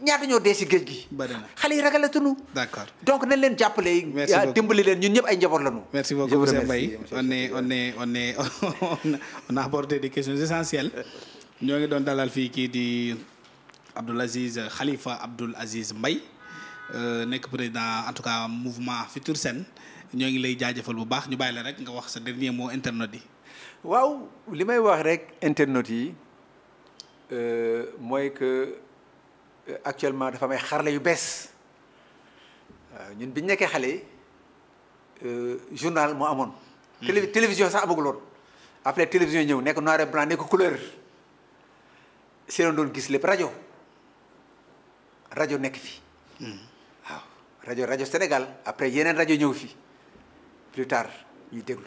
ñaata ñoo dee si géej gi. bari na xale yi ragalatuñu. d'accord donc nañ leen jàppale. merci beaucoup dimbali leen ñun ñëpp ay njaboot lañu. merci beaucoup monsieur Mbaye on est on est *laughs* on est on ñoo ngi doon dalal fii kii di Abdoul Aziz Khalifa Abdoul Aziz Mbaye euh, nekk président en tout cas mouvement Futur seen ñoo ngi lay jaajëfal bu baax ñu bàyyi la rek nga wax sa dernier moo internet yi. waaw li may wax rek internet yi euh, mooy que. actuellement dafa may xarale yu bees euh, ñun biñ nekkee xale yi euh, journal moo amoon. Hmm. télévision sax amaguloon après télévision ñëw nekk noir et blanc nekk couleur si la doon gis lépp rajo rajo nekk fi. Hmm. waaw rajo rajo Sénégal après yeneen rajo ñëw fi plus tard ñuy déglu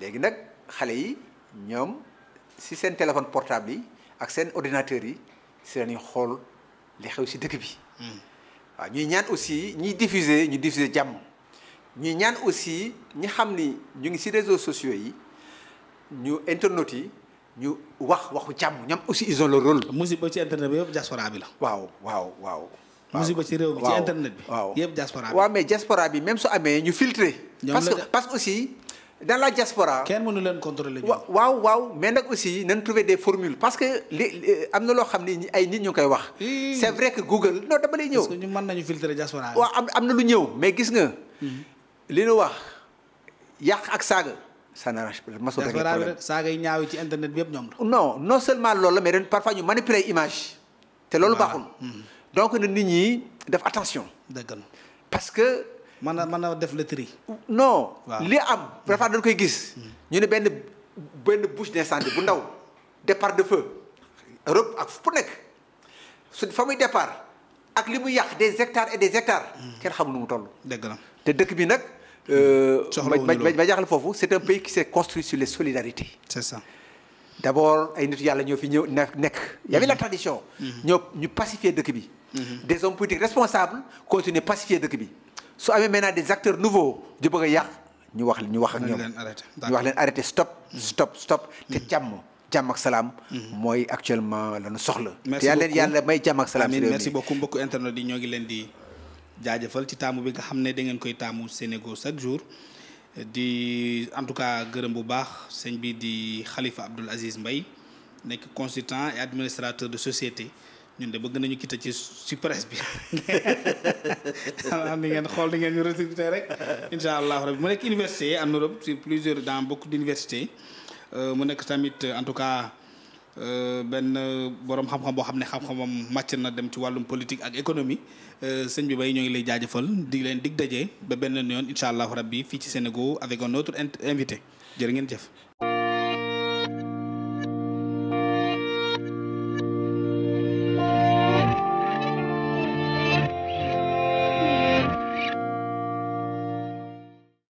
léegi nag xale yi ñoom si seen téléphone portable yi ak seen ordinateur yi si la ñuy xool. li xew si dëkk bi. Hmm. waaw ñuy ñaan aussi ñiy diffuser ñu diffuser jàmm. ñuy ñaan aussi ñi xam ni ñu ngi si réseau sociaux yi ñu internautes yi ñu wax waxu jàmm ñoom aussi ils ont leur rôle. musiba ci internet bi yëpp diaspora bi la. waaw waaw waaw. musiba ci réew bi ci internet bi. waaw yëpp diaspora bi. waaw mais diaspora bi même su amee ñu filtrer. parce que aussi dans la diaspora. kenn mënu leen contrôler. waaw waaw mais nag aussi nañ trouver des formules parce que li am na loo xam ni ay nit ñu koy wax. c'est vrai que Google non dama lay ñëw. parce que ñu mën nañu filtrer am na lu ñëw mais gis nga. Mhm. li nu wax yàq ak saaga. ça n'arrange pas ma soog a. saaga yi ñaaw ci internet bi yëpp ñoom la. non non seulement loolu la mais ren parfois ñu manipuler image. te loolu baaxul. Mhm. donc na nit ñi def attention. dëgg la parce que. man na mën na def le tri. non li am dafa dañ koy gis. Hmm. ñu ne benn benn bouche d'incendie bu ndaw départ de feu. Europe ak fu nekk su fa muy départ ak li mu yàq des hectares et des hectares. Hmm. kenn xam nu mu toll. dëgg la te dëkk bi nag. Hmm. Euh, soxla ma ma ma jaaxle foofu c'est un pays qui s'est construit sur les solidarités. c'est ça. ay nit yàlla ñoo fi ñëw nekk y avait la tradition. ñoo ñu pacifier dëkk bi. des hommes politiques responsable continuer pacifier dëkk bi. su amee maintenant des acteurs nouveaux di bëgg a yàq ñu wax ñu wax ak ñoom ñu wax leen arrêté stop stop stop mm-hmm. te jàmm jàmm ak salaam mm-hmm. mooy actuellement la ñu soxla te yàlla leen yàlla may jàmm ak salaam amiin merci beaucoup mbokku internet yi ñoo ngi leen di jaajafal ci taamu bi nga xam ne da ngeen koy taamu Sénégal chaque jour di en tout cas gërëm bu baax sëñ bi di Khalifa Abdoul Aziz mbay nekk consultant et administrateur de société ñun de bëgg nañu quitter ci ci presse bi xanaa *laughs* ni ngeen xool ni ngeen ñu recruter rek incha allah rabbi mu nekk université en Europe sur plusieurs dans beaucoup d'universités euh, mu nekk tamit en tout cas euh, benn borom xam-xam boo xam ne xam-xamam màcc na dem ci wàllum politique ak économie euh, sëñ bi bay ñoo ngi lay jaajëfal di leen dig daje ba benn yoon incha allah rabbi fii ci Sénégal avec un autre invité jër ngeen jëf.